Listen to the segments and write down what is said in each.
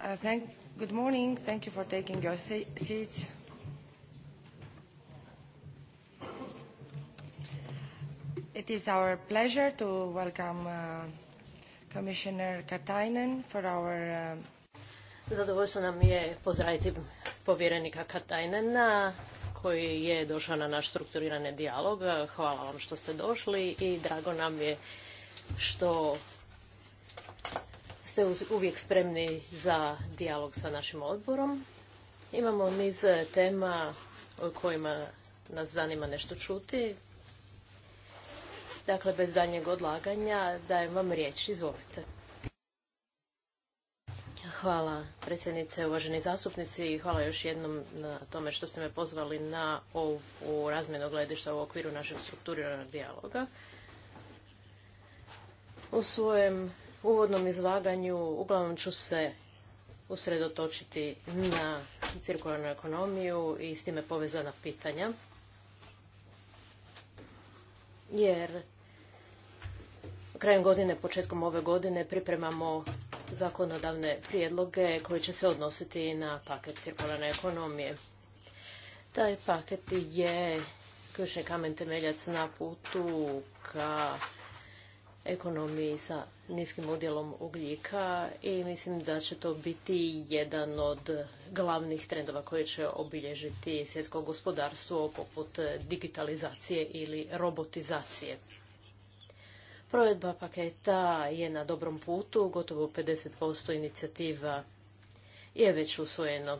Uh, thank, good morning. Thank you for taking your seats. It is our pleasure to welcome uh, Commissioner Katainen for our... Uh, Zadovoljstvo nam je pozdraviti povjerenika Katainena koji je došao na naš strukturirani dijalog. Hvala vam što ste došli i drago nam je što ste uvijek spremni za dijalog sa našim odborom. Imamo niz e, tema o kojima nas zanima nešto čuti. Dakle, bez daljnjeg odlaganja dajem vam riječ. Izvolite. Hvala predsjednice, uvaženi zastupnici i hvala još jednom na tome što ste me pozvali na ovu razmjenu gledišta u okviru našeg strukturiranog dijaloga. U svojem uvodnom izlaganju uglavnom ću se usredotočiti na cirkularnu ekonomiju i s time povezana pitanja. Jer krajem godine, početkom ove godine pripremamo zakonodavne prijedloge koji će se odnositi na paket cirkularne ekonomije. Taj paket je ključni kamen temeljac na putu ka ekonomiji sa niskim udjelom ugljika i mislim da će to biti jedan od glavnih trendova koje će obilježiti svjetsko gospodarstvo poput digitalizacije ili robotizacije. Provedba paketa je na dobrom putu, gotovo 50% inicijativa je već usvojeno.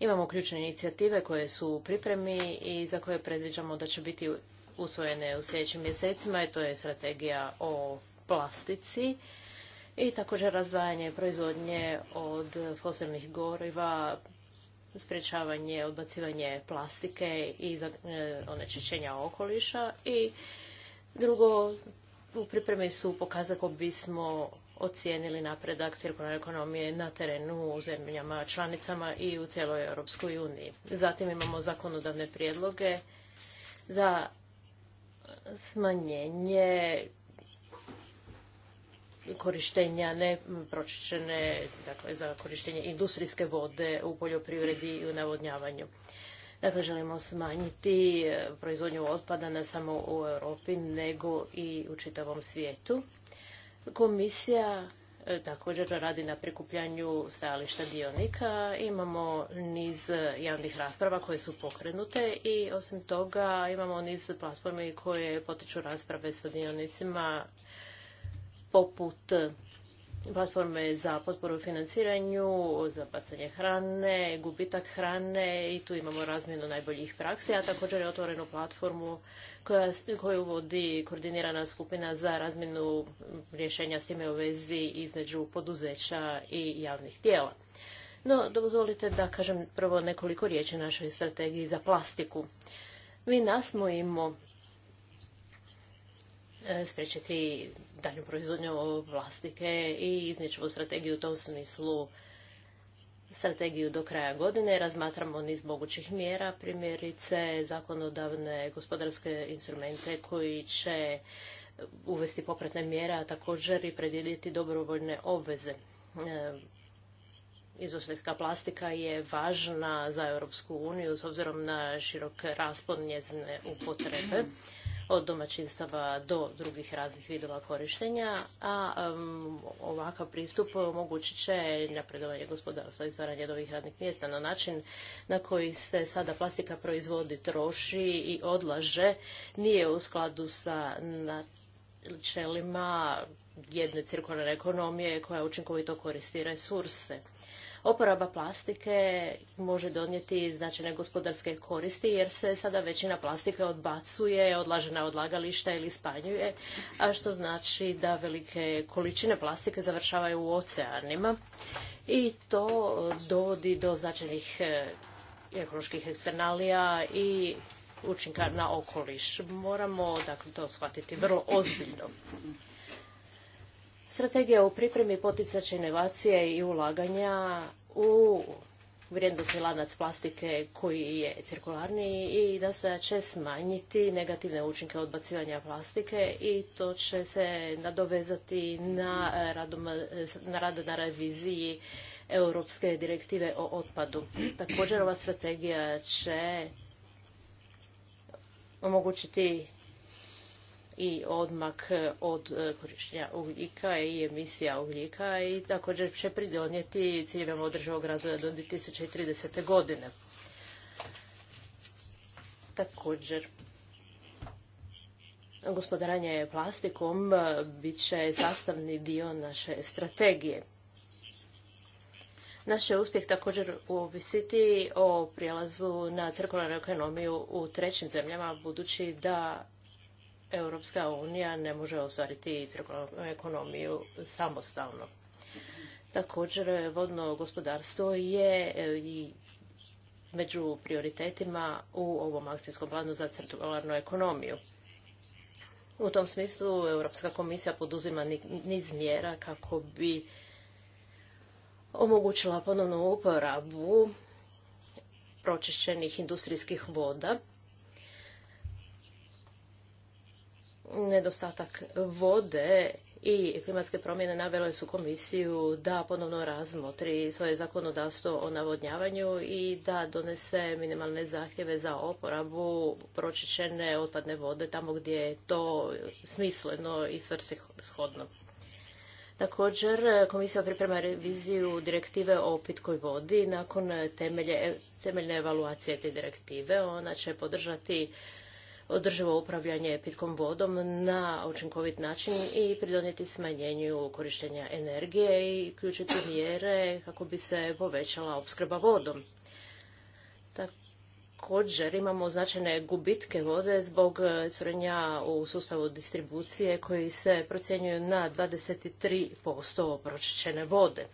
Imamo ključne inicijative koje su u pripremi i za koje predviđamo da će biti usvojene u sljedećim mjesecima i to je strategija o plastici i također razvajanje proizvodnje od fosilnih goriva, sprječavanje, odbacivanje plastike i e, onečišćenja okoliša i drugo, u pripremi su pokazati bismo ocijenili napredak cirkularne ekonomije na terenu u zemljama članicama i u cijeloj Europskoj uniji. Zatim imamo zakonodavne prijedloge za smanjenje korištenja nepročišćene, dakle za korištenje industrijske vode u poljoprivredi i u navodnjavanju. Dakle, želimo smanjiti e, proizvodnju otpada ne samo u Europi, nego i u čitavom svijetu. Komisija također radi na prikupljanju stajališta dionika. Imamo niz javnih rasprava koje su pokrenute i osim toga imamo niz platformi koje potiču rasprave sa dionicima poput platforme za potporu financiranju, za bacanje hrane, gubitak hrane i tu imamo razmjenu najboljih praksi, a također je otvorenu platformu koja, koju vodi koordinirana skupina za razmjenu rješenja s time u vezi između poduzeća i javnih tijela. No, dozvolite da kažem prvo nekoliko riječi našoj strategiji za plastiku. Mi nasmojimo e, spriječiti dalju proizvodnju plastike i izničevu strategiju u tom smislu strategiju do kraja godine. Razmatramo niz mogućih mjera, primjerice zakonodavne gospodarske instrumente koji će uvesti popratne mjere, a također i predvidjeti dobrovoljne obveze. E, Izosljetka plastika je važna za Europsku uniju s obzirom na širok raspon njezine upotrebe od domaćinstava do drugih raznih vidova korištenja, a ovakav pristup omogućit će napredovanje gospodarstva i stvaranje novih radnih mjesta na način na koji se sada plastika proizvodi, troši i odlaže nije u skladu sa načelima jedne cirkularne ekonomije koja učinkovito koristi resurse. Oporaba plastike može donijeti značajne gospodarske koristi jer se sada većina plastike odbacuje, odlaže na odlagališta ili spanjuje, a što znači da velike količine plastike završavaju u oceanima i to dovodi do značajnih e, ekoloških eksternalija i učinka na okoliš. Moramo dakle, to shvatiti vrlo ozbiljno. Strategija u pripremi poticače inovacije i ulaganja u vrijednosti lanac plastike koji je cirkularni i da se će smanjiti negativne učinke odbacivanja plastike i to će se nadovezati na, na rad na reviziji Europske direktive o otpadu. Također ova strategija će omogućiti i odmak e, od e, korištenja ugljika i emisija ugljika i također će pridonijeti ciljevima održavog razvoja do 2030. godine. Također, gospodaranje plastikom e, bit će sastavni dio naše strategije. Naš će uspjeh također ovisiti o prijelazu na cirkularnu ekonomiju u trećim zemljama, budući da Europska unija ne može ostvariti ekonomiju samostalno. Također, vodno gospodarstvo je e, i među prioritetima u ovom akcijskom planu za cirkularnu ekonomiju. U tom smislu Europska komisija poduzima niz mjera kako bi omogućila ponovnu uporabu pročišćenih industrijskih voda nedostatak vode i klimatske promjene navele su komisiju da ponovno razmotri svoje zakonodavstvo o navodnjavanju i da donese minimalne zahtjeve za oporabu pročišćene otpadne vode tamo gdje je to smisleno i svrsishodno. Također, komisija priprema reviziju direktive o pitkoj vodi. Nakon temelje, temeljne evaluacije te direktive, ona će podržati održivo upravljanje pitkom vodom na učinkovit način i pridonijeti smanjenju korištenja energije i uključiti mjere kako bi se povećala opskrba vodom. Također imamo značajne gubitke vode zbog crnja u sustavu distribucije koji se procjenjuju na 23% pročišćene vode.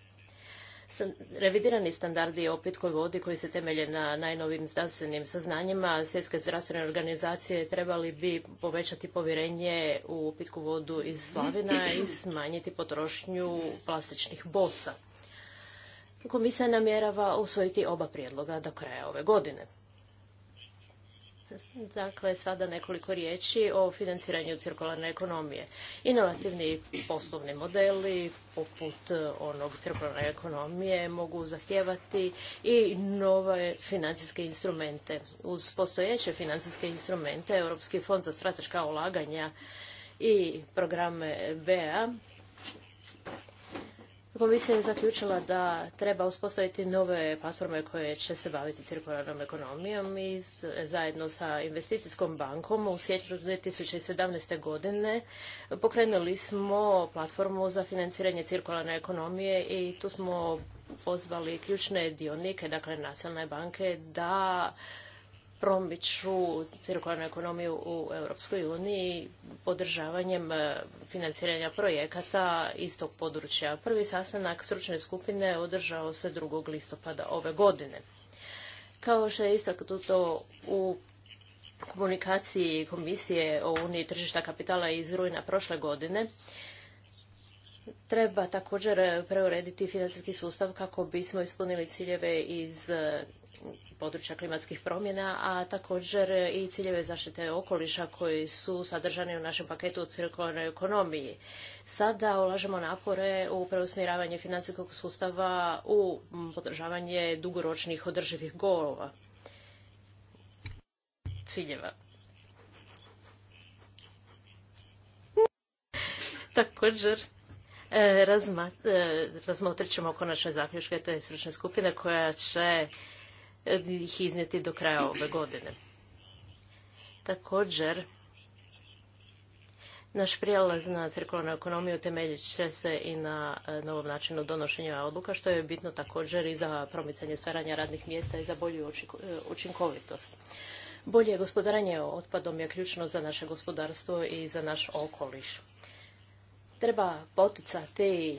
Revidirani standardi o pitkoj vodi koji se temelje na najnovim znanstvenim saznanjima svjetske zdravstvene organizacije trebali bi povećati povjerenje u pitku vodu iz slavina i smanjiti potrošnju plastičnih boca. Komisija namjerava usvojiti oba prijedloga do kraja ove godine. Dakle, sada nekoliko riječi o financiranju cirkularne ekonomije. Inovativni poslovni modeli, poput e, onog cirkularne ekonomije, mogu zahtijevati i nove financijske instrumente. Uz postojeće financijske instrumente, Europski fond za strateška ulaganja i programe BEA, Komisija je zaključila da treba uspostaviti nove platforme koje će se baviti cirkularnom ekonomijom i zajedno sa investicijskom bankom u siječnju 2017. godine pokrenuli smo platformu za financiranje cirkularne ekonomije i tu smo pozvali ključne dionike, dakle nacionalne banke, da promiču cirkularnu ekonomiju u Europskoj uniji podržavanjem e, financiranja projekata iz tog područja. Prvi sastanak stručne skupine održao se 2. listopada ove godine. Kao što je istaknuto u komunikaciji Komisije o Uniji tržišta kapitala iz rujna prošle godine, treba također preurediti financijski sustav kako bismo ispunili ciljeve iz područja klimatskih promjena, a također i ciljeve zaštite okoliša koji su sadržani u našem paketu u cirkularnoj ekonomiji. Sada ulažemo napore u preusmjeravanje financijskog sustava u podržavanje dugoročnih održivih golova ciljeva. Također, e, e, razmotrit ćemo konačne zaključke te stručne skupine koja će ih iznijeti do kraja ove godine. Također, naš prijelaz na cirkularnu ekonomiju temeljit će se i na e, novom načinu donošenja odluka, što je bitno također i za promicanje stvaranja radnih mjesta i za bolju e, učinkovitost. Bolje gospodaranje otpadom je ključno za naše gospodarstvo i za naš okoliš. Treba poticati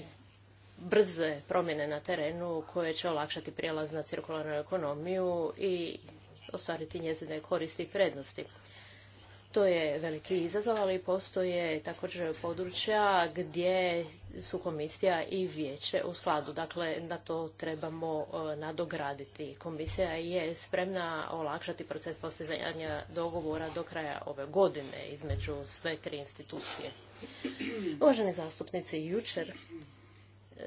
brze promjene na terenu koje će olakšati prijelaz na cirkularnu ekonomiju i ostvariti njezine koristi i prednosti. To je veliki izazov, ali postoje također područja gdje su komisija i vijeće u skladu. Dakle, na to trebamo e, nadograditi. Komisija je spremna olakšati proces postizanja dogovora do kraja ove godine između sve tri institucije. Uvaženi zastupnici, jučer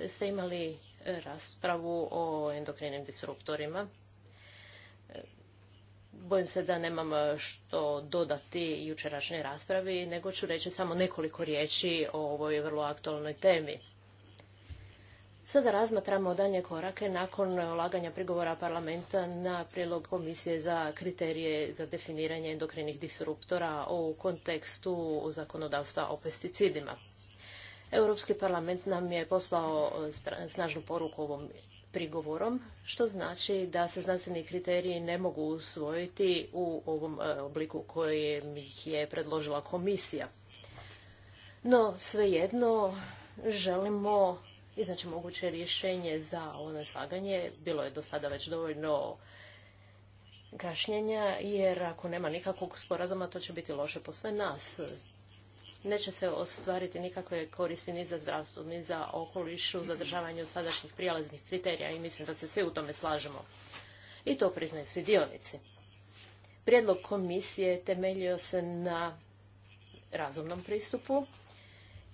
ste imali e, raspravu o endokrinim disruptorima. E, bojim se da nemam što dodati jučerašnjoj raspravi, nego ću reći samo nekoliko riječi o ovoj vrlo aktualnoj temi. Sada razmatramo dalje korake nakon ulaganja prigovora parlamenta na prijedlog komisije za kriterije za definiranje endokrinih disruptora u kontekstu zakonodavstva o pesticidima. Europski parlament nam je poslao e, snažnu poruku ovom prigovorom, što znači da se znanstveni kriteriji ne mogu usvojiti u ovom e, obliku kojem ih je predložila komisija. No, svejedno, želimo iznaći moguće rješenje za ovo neslaganje. Bilo je do sada već dovoljno kašnjenja, jer ako nema nikakvog sporazuma, to će biti loše po sve nas neće se ostvariti nikakve koristi ni za zdravstvo, ni za okoliš u zadržavanju sadašnjih prijelaznih kriterija i mislim da se svi u tome slažemo. I to priznaju svi dionici. Prijedlog komisije temeljio se na razumnom pristupu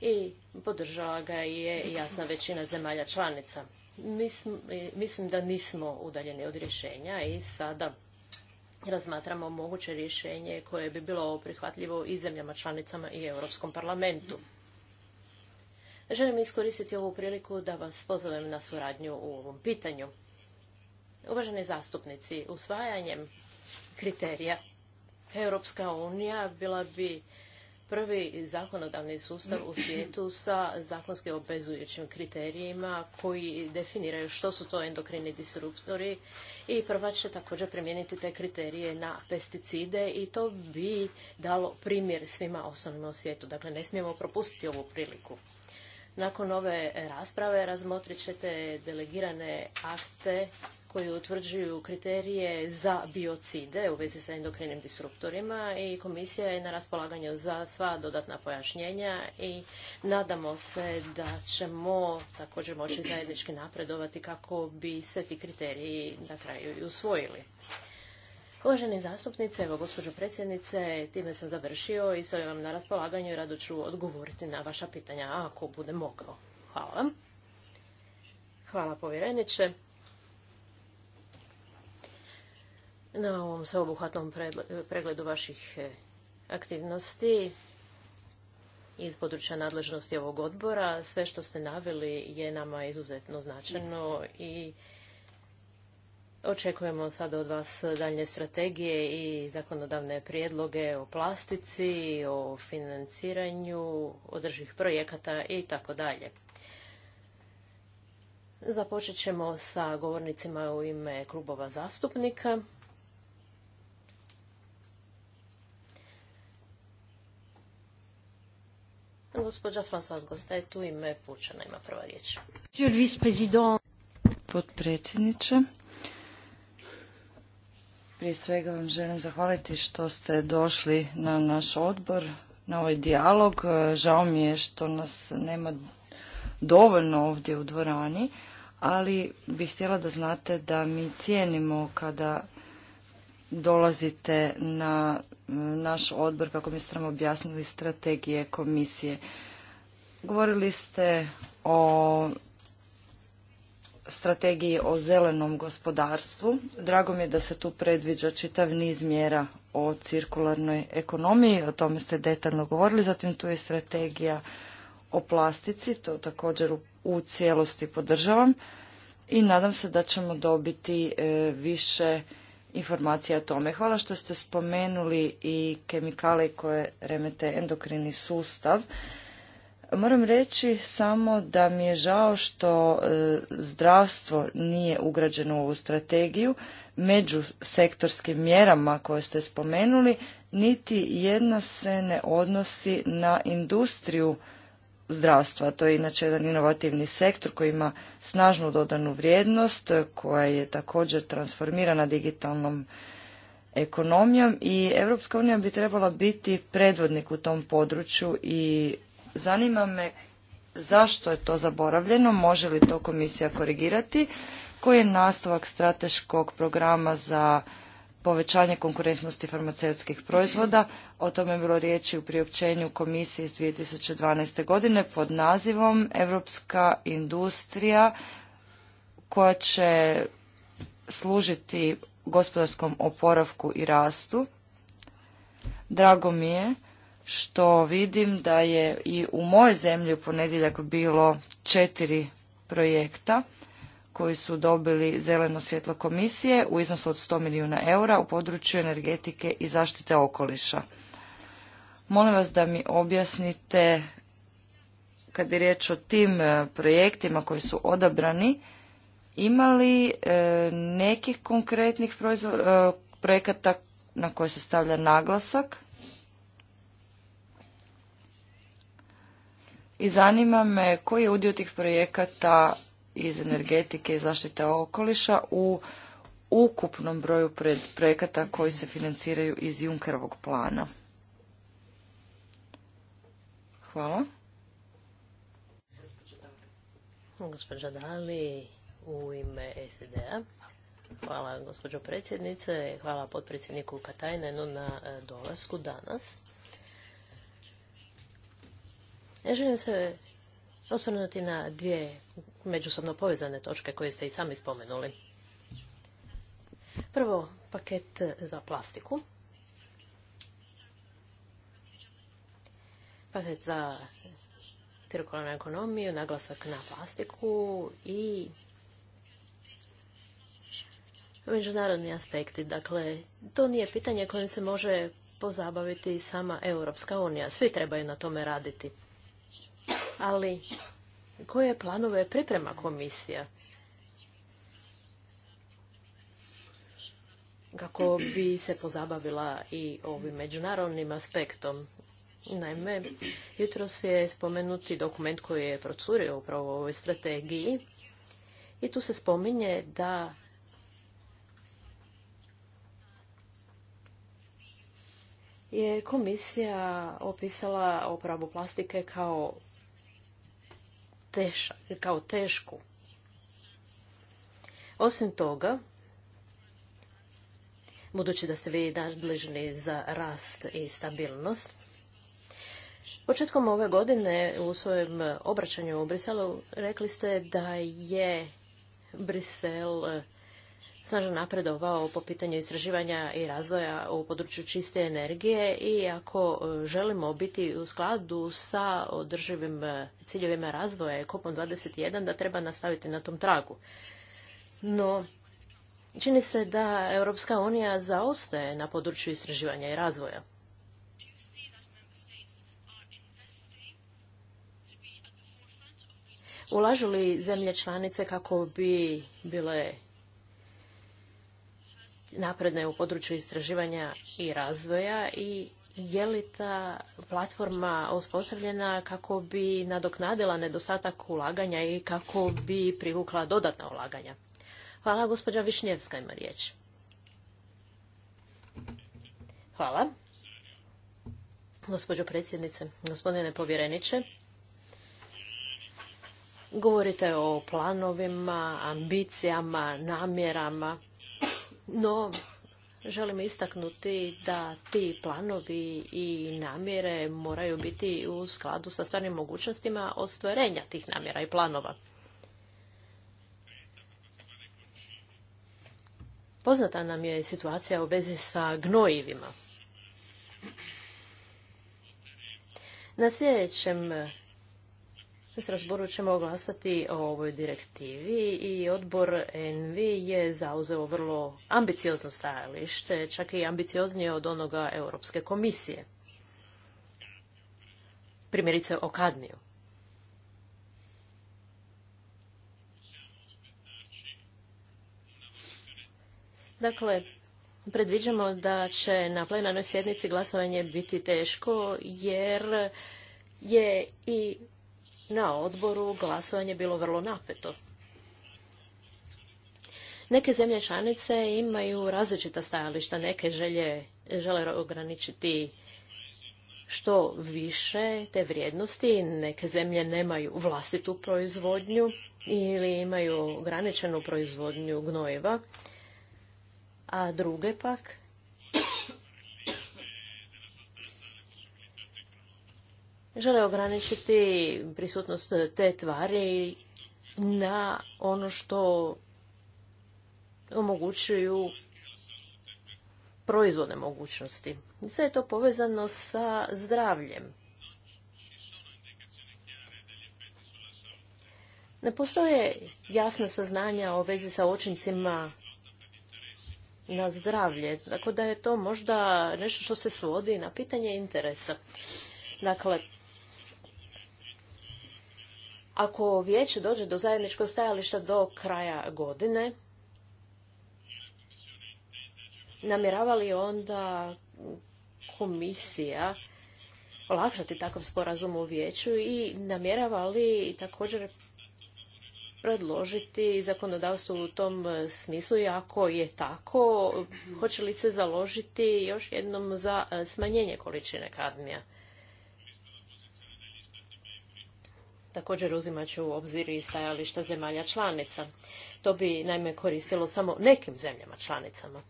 i podržala ga je jasna većina zemalja članica. Mislim, mislim da nismo udaljeni od rješenja i sada razmatramo moguće rješenje koje bi bilo prihvatljivo i zemljama članicama i Europskom parlamentu. Želim iskoristiti ovu priliku da vas pozovem na suradnju u ovom pitanju. Uvaženi zastupnici, usvajanjem kriterija Europska unija bila bi prvi zakonodavni sustav u svijetu sa zakonski obvezujućim kriterijima koji definiraju što su to endokrini disruptori i prva će također primijeniti te kriterije na pesticide i to bi dalo primjer svima osnovnima u svijetu. Dakle, ne smijemo propustiti ovu priliku. Nakon ove rasprave razmotrit ćete delegirane akte koji utvrđuju kriterije za biocide u vezi sa endokrinim disruptorima i komisija je na raspolaganju za sva dodatna pojašnjenja i nadamo se da ćemo također moći zajednički napredovati kako bi se ti kriteriji na kraju i usvojili. Uvaženi zastupnice, evo gospođo predsjednice, time sam završio i sve vam na raspolaganju i rado ću odgovoriti na vaša pitanja ako bude mogao. Hvala vam. Hvala povjereniče. Na ovom sveobuhvatnom pregledu vaših e, aktivnosti iz područja nadležnosti ovog odbora. Sve što ste naveli je nama izuzetno značajno i Očekujemo sada od vas daljnje strategije i zakonodavne prijedloge o plastici, o financiranju održivih projekata i tako dalje. Započet ćemo sa govornicima u ime klubova zastupnika. Gospođa Françoise Gostet tu ime Pučana ima prva riječ. Potpredsjedniče, prije svega vam želim zahvaliti što ste došli na naš odbor, na ovaj dijalog. Žao mi je što nas nema dovoljno ovdje u dvorani, ali bih htjela da znate da mi cijenimo kada dolazite na e, naš odbor kako mi ste nam objasnili strategije komisije. Govorili ste o strategiji o zelenom gospodarstvu. Drago mi je da se tu predviđa čitav niz mjera o cirkularnoj ekonomiji, o tome ste detaljno govorili, zatim tu je strategija o plastici, to također u cijelosti podržavam i nadam se da ćemo dobiti e, više informacija o tome. Hvala što ste spomenuli i kemikale koje remete endokrini sustav. Moram reći samo da mi je žao što e, zdravstvo nije ugrađeno u ovu strategiju među sektorskim mjerama koje ste spomenuli, niti jedna se ne odnosi na industriju zdravstva. To je inače jedan inovativni sektor koji ima snažnu dodanu vrijednost, koja je također transformirana digitalnom ekonomijom i Europska unija bi trebala biti predvodnik u tom području i Zanima me zašto je to zaboravljeno, može li to komisija korigirati, koji je nastavak strateškog programa za povećanje konkurentnosti farmaceutskih proizvoda. O tome je bilo riječi u priopćenju komisije iz 2012. godine pod nazivom Europska industrija koja će služiti gospodarskom oporavku i rastu. Drago mi je što vidim da je i u mojoj zemlji u ponedjeljak bilo četiri projekta koji su dobili zeleno svjetlo komisije u iznosu od 100 milijuna eura u području energetike i zaštite okoliša. Molim vas da mi objasnite kad je riječ o tim e, projektima koji su odabrani, ima li e, nekih konkretnih e, projekata na koje se stavlja naglasak i zanima me koji je udio tih projekata iz energetike i zaštite okoliša u ukupnom broju projekata koji se financiraju iz Junkerovog plana. Hvala. Gospođa Dali u ime SED-a. Hvala gospođo predsjednice, hvala potpredsjedniku Katajnenu na e, dolasku danas. Želim se osvrnuti na dvije međusobno povezane točke koje ste i sami spomenuli. Prvo, paket za plastiku. Paket za cirkularnu ekonomiju, naglasak na plastiku i međunarodni aspekti. Dakle, to nije pitanje kojim se može pozabaviti sama Europska unija. Svi trebaju na tome raditi. Ali koje planove priprema komisija? kako bi se pozabavila i ovim međunarodnim aspektom. Naime, jutros je spomenuti dokument koji je procurio upravo u ovoj strategiji i tu se spominje da je komisija opisala opravu plastike kao kao tešku. Osim toga, budući da ste vi nadležni za rast i stabilnost, Početkom ove godine u svojem obraćanju u Briselu rekli ste da je Brisel snažno napredovao po pitanju istraživanja i razvoja u području čiste energije i ako e, želimo biti u skladu sa održivim e, ciljevima razvoja KOPON cop 21, da treba nastaviti na tom tragu. No, čini se da Europska unija zaostaje na području istraživanja i razvoja. Ulažu li zemlje članice kako bi bile napredne u području istraživanja i razvoja i je li ta platforma osposobljena kako bi nadoknadila nedostatak ulaganja i kako bi privukla dodatna ulaganja? Hvala, gospođa Višnjevska ima riječ. Hvala. Gospođo predsjednice, gospodine povjereniče, govorite o planovima, ambicijama, namjerama no, želim istaknuti da ti planovi i namjere moraju biti u skladu sa stvarnim mogućnostima ostvarenja tih namjera i planova. Poznata nam je situacija u vezi sa gnojivima. Na sljedećem u razboru ćemo glasati o ovoj direktivi i odbor NV je zauzeo vrlo ambiciozno stajalište, čak i ambicioznije od onoga Europske komisije. Primjerice o kadmiju. Dakle, predviđamo da će na plenarnoj sjednici glasovanje biti teško jer je i na odboru glasovanje bilo vrlo napeto. Neke zemlje članice imaju različita stajališta, neke želje, žele ograničiti što više te vrijednosti, neke zemlje nemaju vlastitu proizvodnju ili imaju ograničenu proizvodnju gnojeva. a druge pak žele ograničiti prisutnost te tvari na ono što omogućuju proizvodne mogućnosti. Sve je to povezano sa zdravljem. Ne postoje jasna saznanja o vezi sa očincima na zdravlje, tako da je to možda nešto što se svodi na pitanje interesa. Dakle, ako vijeće dođe do zajedničkog stajališta do kraja godine, namjerava li onda komisija olakšati takav sporazum u vijeću i namjerava li također predložiti zakonodavstvo u tom smislu i ako je tako, hoće li se založiti još jednom za smanjenje količine kadmija? Također uzimat će u obzir i stajališta zemalja članica. To bi naime koristilo samo nekim zemljama članicama.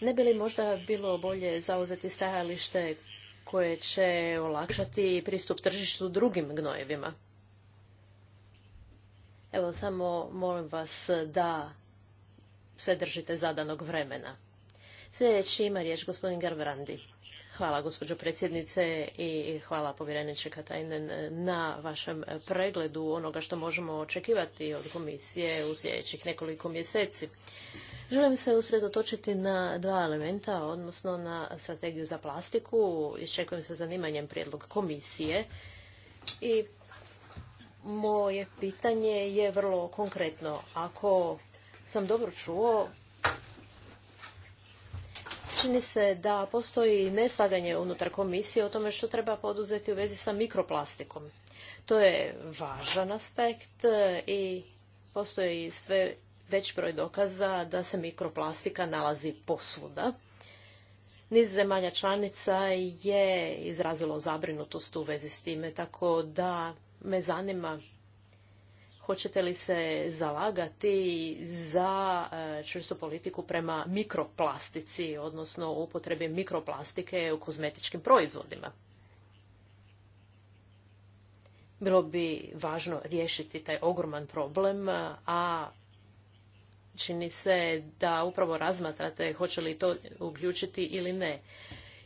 Ne bi li možda bilo bolje zauzeti stajalište koje će olakšati pristup tržištu drugim gnojevima? Evo, samo molim vas da se držite zadanog vremena. Sljedeći ima riječ gospodin Garbrandi. Hvala gospođo predsjednice i hvala povjereniče Katajnen na vašem pregledu onoga što možemo očekivati od komisije u sljedećih nekoliko mjeseci. Želim se usredotočiti na dva elementa, odnosno na strategiju za plastiku. Iščekujem se zanimanjem prijedlog komisije i moje pitanje je vrlo konkretno. Ako sam dobro čuo, Čini se da postoji neslaganje unutar komisije o tome što treba poduzeti u vezi sa mikroplastikom. To je važan aspekt e, i postoji sve već broj dokaza da se mikroplastika nalazi posvuda. Niz zemalja članica je izrazilo zabrinutost u vezi s time, tako da me zanima Hoćete li se zalagati za e, čvrstu politiku prema mikroplastici, odnosno upotrebi mikroplastike u kozmetičkim proizvodima? Bilo bi važno riješiti taj ogroman problem, a čini se da upravo razmatrate hoće li to uključiti ili ne.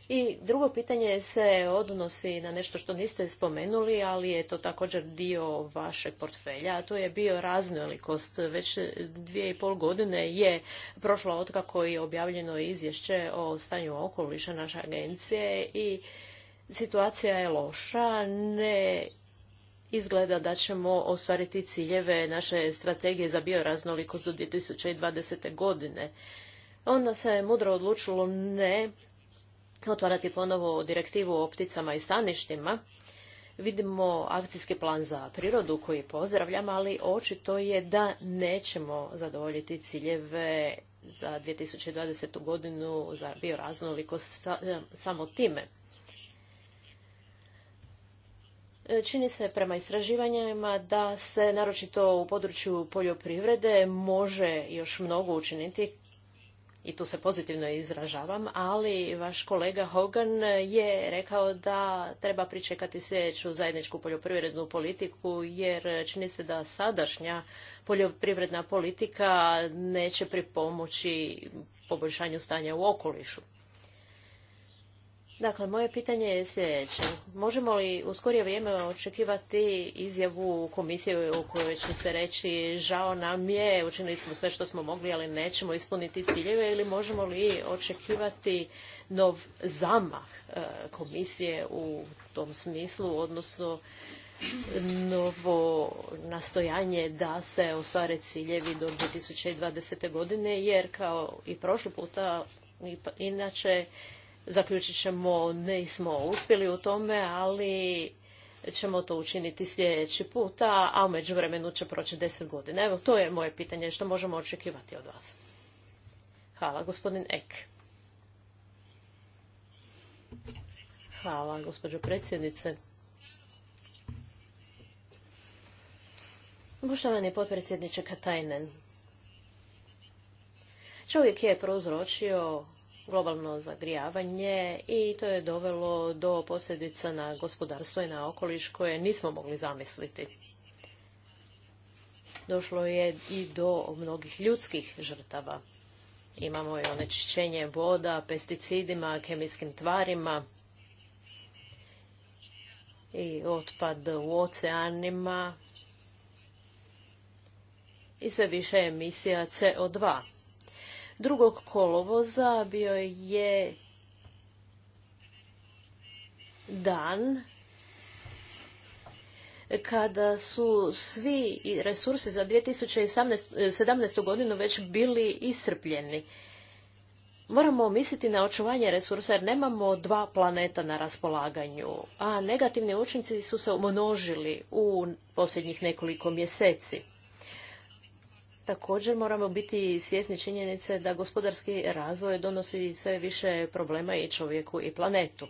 I drugo pitanje se odnosi na nešto što niste spomenuli, ali je to također dio vašeg portfelja, a to je bioraznolikost raznolikost. Već dvije i pol godine je prošlo otkako je objavljeno izvješće o stanju okoliša naše agencije i situacija je loša, ne izgleda da ćemo ostvariti ciljeve naše strategije za bioraznolikost do 2020. godine. Onda se mudro odlučilo ne otvarati ponovo direktivu o pticama i staništima. Vidimo akcijski plan za prirodu koji pozdravljam, ali očito je da nećemo zadovoljiti ciljeve za 2020. godinu za bioraznolikost e, samo time. E, čini se prema istraživanjima da se naročito u području poljoprivrede može još mnogo učiniti i tu se pozitivno izražavam, ali vaš kolega Hogan je rekao da treba pričekati sljedeću zajedničku poljoprivrednu politiku jer čini se da sadašnja poljoprivredna politika neće pripomoći poboljšanju stanja u okolišu. Dakle, moje pitanje je sljedeće. Možemo li u skorije vrijeme očekivati izjavu komisije u kojoj će se reći žao nam je, učinili smo sve što smo mogli, ali nećemo ispuniti ciljeve ili možemo li očekivati nov zamah e, komisije u tom smislu, odnosno novo nastojanje da se ostvare ciljevi do 2020. godine, jer kao i prošli puta, inače zaključit ćemo smo uspjeli u tome, ali ćemo to učiniti sljedeći puta, a u međuvremenu će proći deset godina. Evo, to je moje pitanje, što možemo očekivati od vas. Hvala, gospodin Ek. Hvala, gospođo predsjednice. Poštovani potpredsjedniče Katajnen, čovjek je prouzročio globalno zagrijavanje i to je dovelo do posljedica na gospodarstvo i na okoliš koje nismo mogli zamisliti. Došlo je i do mnogih ljudskih žrtava. Imamo i onečišćenje voda, pesticidima, kemijskim tvarima i otpad u oceanima i sve više emisija CO2. Drugog kolovoza bio je dan kada su svi resursi za 2017. godinu već bili iscrpljeni. Moramo misliti na očuvanje resursa jer nemamo dva planeta na raspolaganju, a negativni učinci su se umnožili u posljednjih nekoliko mjeseci. Također moramo biti svjesni činjenice da gospodarski razvoj donosi sve više problema i čovjeku i planetu.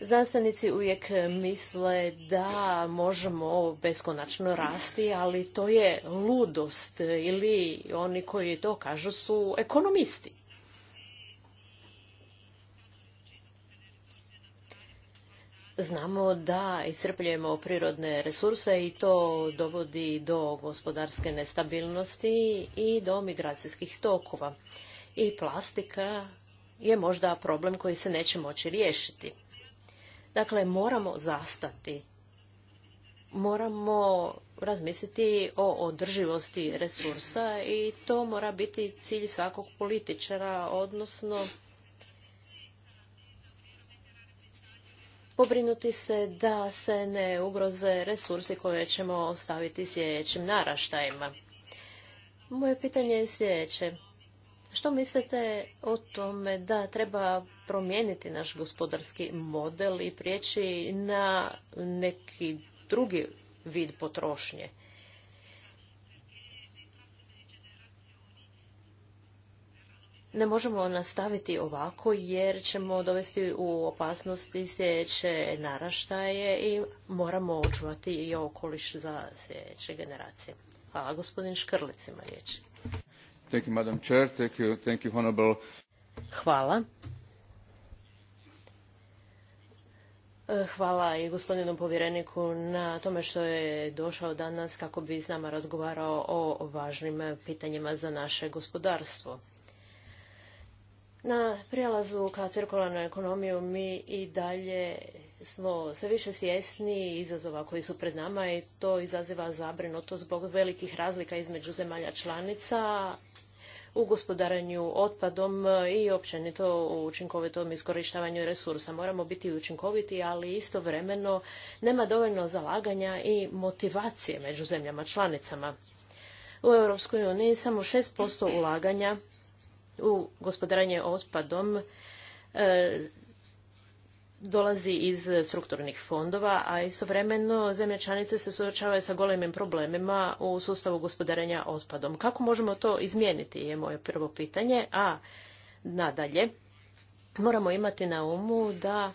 Znanstvenici uvijek misle da možemo beskonačno rasti, ali to je ludost ili oni koji to kažu su ekonomisti. Znamo da iscrpljujemo prirodne resurse i to dovodi do gospodarske nestabilnosti i do migracijskih tokova. I plastika je možda problem koji se neće moći riješiti. Dakle, moramo zastati. Moramo razmisliti o održivosti resursa i to mora biti cilj svakog političara, odnosno pobrinuti se da se ne ugroze resursi koje ćemo ostaviti sljedećim naraštajima. Moje pitanje je sljedeće. Što mislite o tome da treba promijeniti naš gospodarski model i prijeći na neki drugi vid potrošnje? ne možemo nastaviti ovako jer ćemo dovesti u opasnost i sljedeće naraštaje i moramo očuvati i okoliš za sljedeće generacije. Hvala. Gospodin Škrlic ima riječ. Hvala. Hvala i gospodinu povjereniku na tome što je došao danas kako bi s nama razgovarao o važnim pitanjima za naše gospodarstvo. Na prijelazu ka cirkularnoj ekonomiju mi i dalje smo sve više svjesni izazova koji su pred nama i to izaziva zabrinutost zbog velikih razlika između zemalja članica u gospodaranju otpadom i općenito u učinkovitom iskorištavanju resursa. Moramo biti učinkoviti, ali istovremeno nema dovoljno zalaganja i motivacije među zemljama članicama. U Europskoj uniji samo 6% ulaganja u gospodaranje otpadom e, dolazi iz strukturnih fondova, a istovremeno zemlje članice se suočavaju sa golemim problemima u sustavu gospodarenja otpadom. Kako možemo to izmijeniti je moje prvo pitanje, a nadalje moramo imati na umu da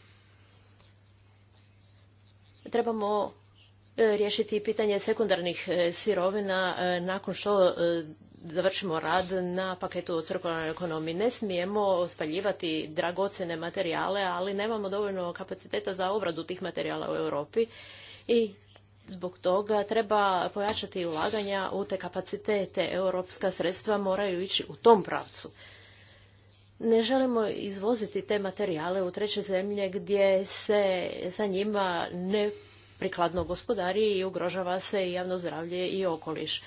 trebamo e, riješiti pitanje sekundarnih e, sirovina nakon što završimo rad na paketu o cirkularnoj ekonomiji. Ne smijemo spaljivati dragocene materijale, ali nemamo dovoljno kapaciteta za obradu tih materijala u Europi i Zbog toga treba pojačati ulaganja u te kapacitete. Europska sredstva moraju ići u tom pravcu. Ne želimo izvoziti te materijale u treće zemlje gdje se za njima ne prikladno gospodari i ugrožava se i javno zdravlje i okoliš.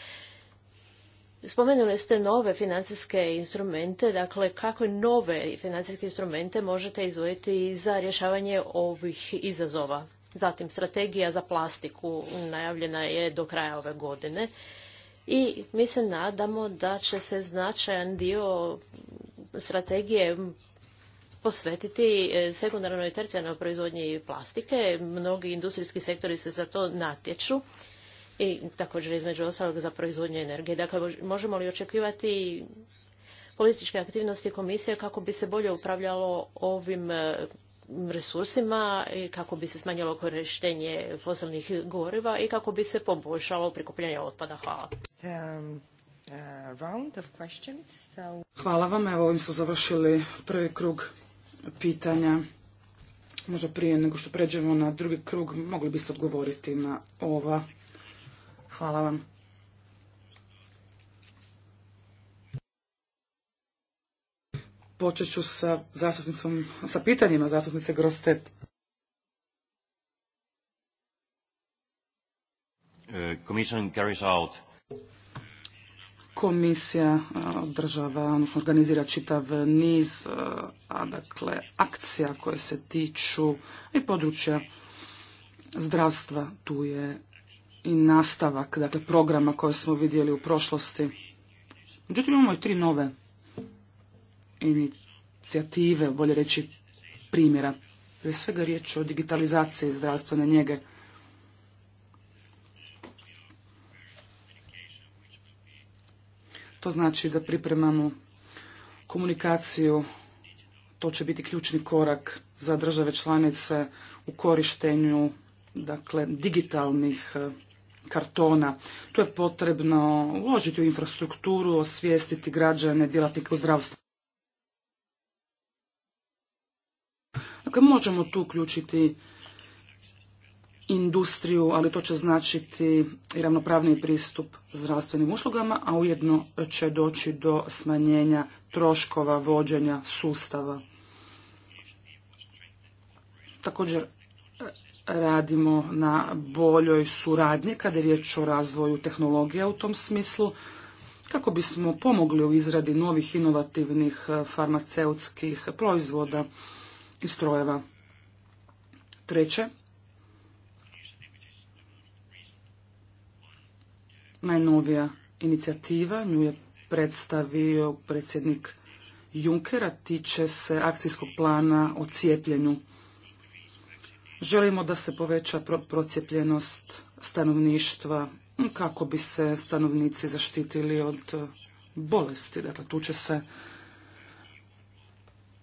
Spomenuli ste nove financijske instrumente, dakle kakve nove financijske instrumente možete izvojiti za rješavanje ovih izazova. Zatim strategija za plastiku najavljena je do kraja ove godine i mi se nadamo da će se značajan dio strategije posvetiti e, sekundarnoj i tercijarnoj proizvodnji plastike. Mnogi industrijski sektori se za to natječu i također između ostalog za proizvodnju energije. Dakle, možemo li očekivati političke aktivnosti komisije kako bi se bolje upravljalo ovim e, resursima i kako bi se smanjilo korištenje fosilnih goriva i kako bi se poboljšalo prikupljanje otpada. Hvala. Hvala vam. Evo ovim smo završili prvi krug pitanja. Možda prije nego što pređemo na drugi krug, mogli biste odgovoriti na ova Hvala vam. Počet ću sa, zastupnicom, sa pitanjima zastupnice Grostet. Uh, komisija uh, država, odnosno organizira čitav niz uh, a dakle, akcija koje se tiču i područja zdravstva. Tu je i nastavak dakle, programa koje smo vidjeli u prošlosti. Međutim, imamo i tri nove inicijative, bolje reći primjera. Prije svega riječ o digitalizaciji zdravstvene njege. To znači da pripremamo komunikaciju, to će biti ključni korak za države članice u korištenju dakle digitalnih kartona. Tu je potrebno uložiti u infrastrukturu, osvijestiti građane, djelatnike u zdravstvu. Dakle, možemo tu uključiti industriju, ali to će značiti i ravnopravni pristup zdravstvenim uslugama, a ujedno će doći do smanjenja troškova vođenja sustava. Također radimo na boljoj suradnji kada je riječ o razvoju tehnologija u tom smislu kako bismo pomogli u izradi novih inovativnih e, farmaceutskih proizvoda i strojeva. Treće, najnovija inicijativa, nju je predstavio predsjednik Junkera, tiče se akcijskog plana o cijepljenju. Želimo da se poveća procijepljenost stanovništva kako bi se stanovnici zaštitili od e, bolesti. Dakle, tu će se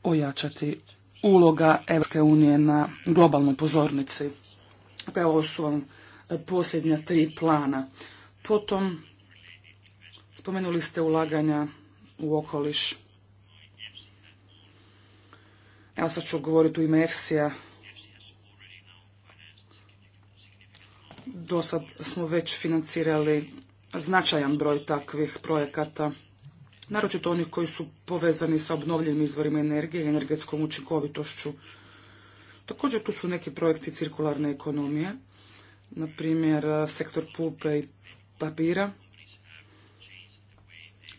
ojačati uloga Evropske unije na globalnoj pozornici. Dakle, ovo su vam e, posljednja tri plana. Potom, spomenuli ste ulaganja u okoliš. Evo sad ću govoriti u ime EFSI-a Do sad smo već financirali značajan broj takvih projekata, naročito onih koji su povezani sa obnovljivim izvorima energije i energetskom učinkovitošću. Također tu su neki projekti cirkularne ekonomije, na primjer e, sektor pulpe i papira.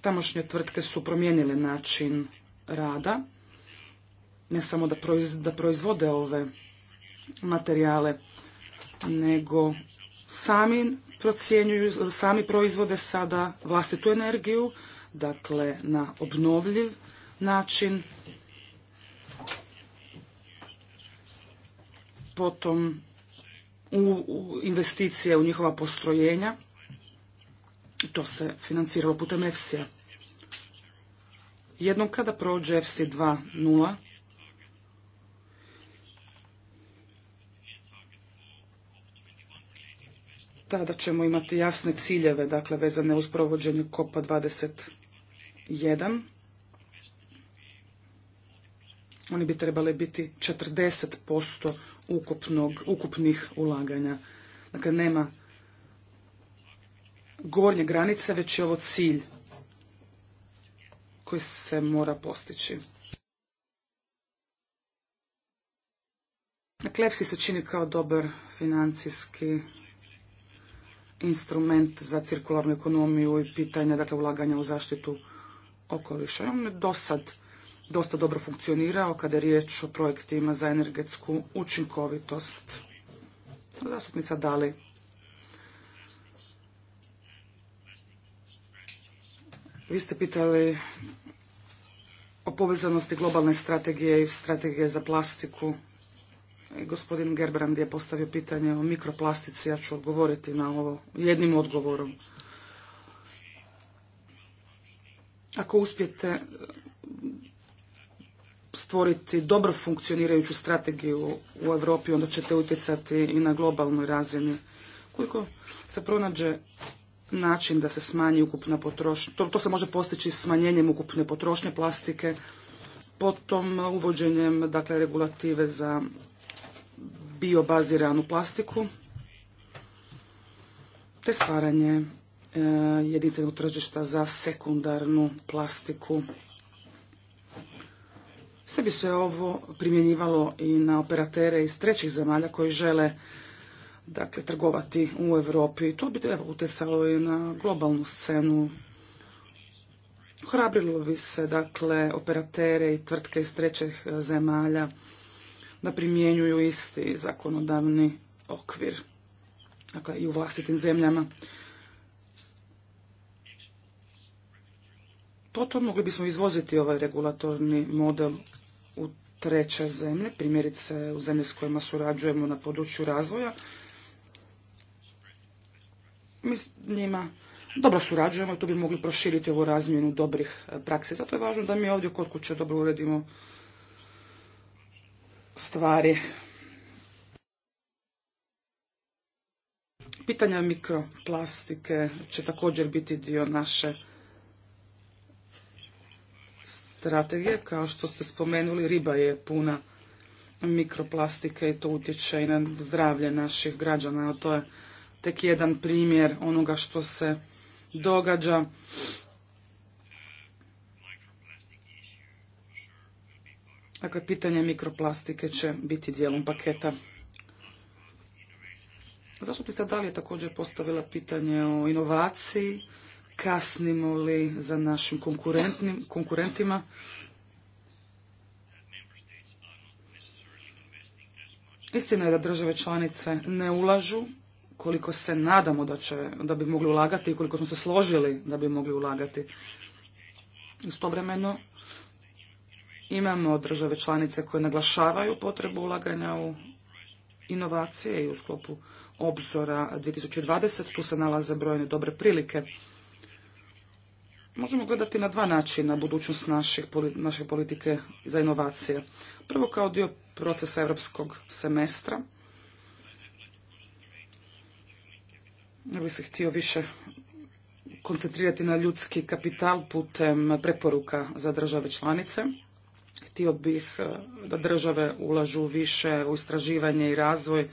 Tamošnje tvrtke su promijenile način rada, ne samo da proizvode ove materijale, nego sami procjenjuju, sami proizvode sada vlastitu energiju, dakle na obnovljiv način. Potom u, investicije u njihova postrojenja. To se financiralo putem EFSI-a. Jednom kada prođe EFSI 2.0, Tada ćemo imati jasne ciljeve, dakle, vezane uz provođenje kopa 21. Oni bi trebali biti 40% ukupnog, ukupnih ulaganja. Dakle, nema gornje granice, već je ovo cilj koji se mora postići. Dakle, EPSI se čini kao dobar financijski instrument za cirkularnu ekonomiju i pitanja dakle, ulaganja u zaštitu okoliša. I on je do sad dosta dobro funkcionirao kada je riječ o projektima za energetsku učinkovitost. Zastupnica Dali. Vi ste pitali o povezanosti globalne strategije i strategije za plastiku. Gospodin Gerbrand je postavio pitanje o mikroplastici, ja ću odgovoriti na ovo jednim odgovorom. Ako uspijete e, stvoriti dobro funkcionirajuću strategiju u Europi, onda ćete utjecati i na globalnoj razini. Koliko se pronađe način da se smanji ukupna potrošnja, to, to se može postići smanjenjem ukupne potrošnje plastike, potom uvođenjem dakle regulative za biobaziranu plastiku te stvaranje e, jedinstvenog tržišta za sekundarnu plastiku. Sve bi se ovo primjenjivalo i na operatere iz trećih zemalja koji žele dakle, trgovati u Europi. To bi evo, utjecalo i na globalnu scenu. Hrabrilo bi se dakle, operatere i tvrtke iz trećih zemalja da primjenjuju isti zakonodavni okvir, dakle i u vlastitim zemljama. Potom mogli bismo izvoziti ovaj regulatorni model u treće zemlje, primjerice u zemlje s kojima surađujemo na području razvoja. Mi s njima dobro surađujemo i tu bi mogli proširiti ovu razmjenu dobrih praksi. Zato je važno da mi ovdje kod kuće dobro uredimo stvari. Pitanja mikroplastike će također biti dio naše strategije. Kao što ste spomenuli, riba je puna mikroplastike i to utječe i na zdravlje naših građana. To je tek jedan primjer onoga što se događa Dakle, pitanje mikroplastike će biti dijelom paketa. Zastupnica Dalje je također postavila pitanje o inovaciji, kasnimo li za našim konkurentima. Istina je da države članice ne ulažu koliko se nadamo da, će, da bi mogli ulagati i koliko smo se složili da bi mogli ulagati. Istovremeno, Imamo države članice koje naglašavaju potrebu ulaganja u inovacije i u sklopu obzora 2020. Tu se nalaze brojne dobre prilike. Možemo gledati na dva načina budućnost naših, naše politike za inovacije. Prvo kao dio procesa europskog semestra. Ja bih se htio više koncentrirati na ljudski kapital putem preporuka za države članice. Htio bih e, da države ulažu više u istraživanje i razvoj,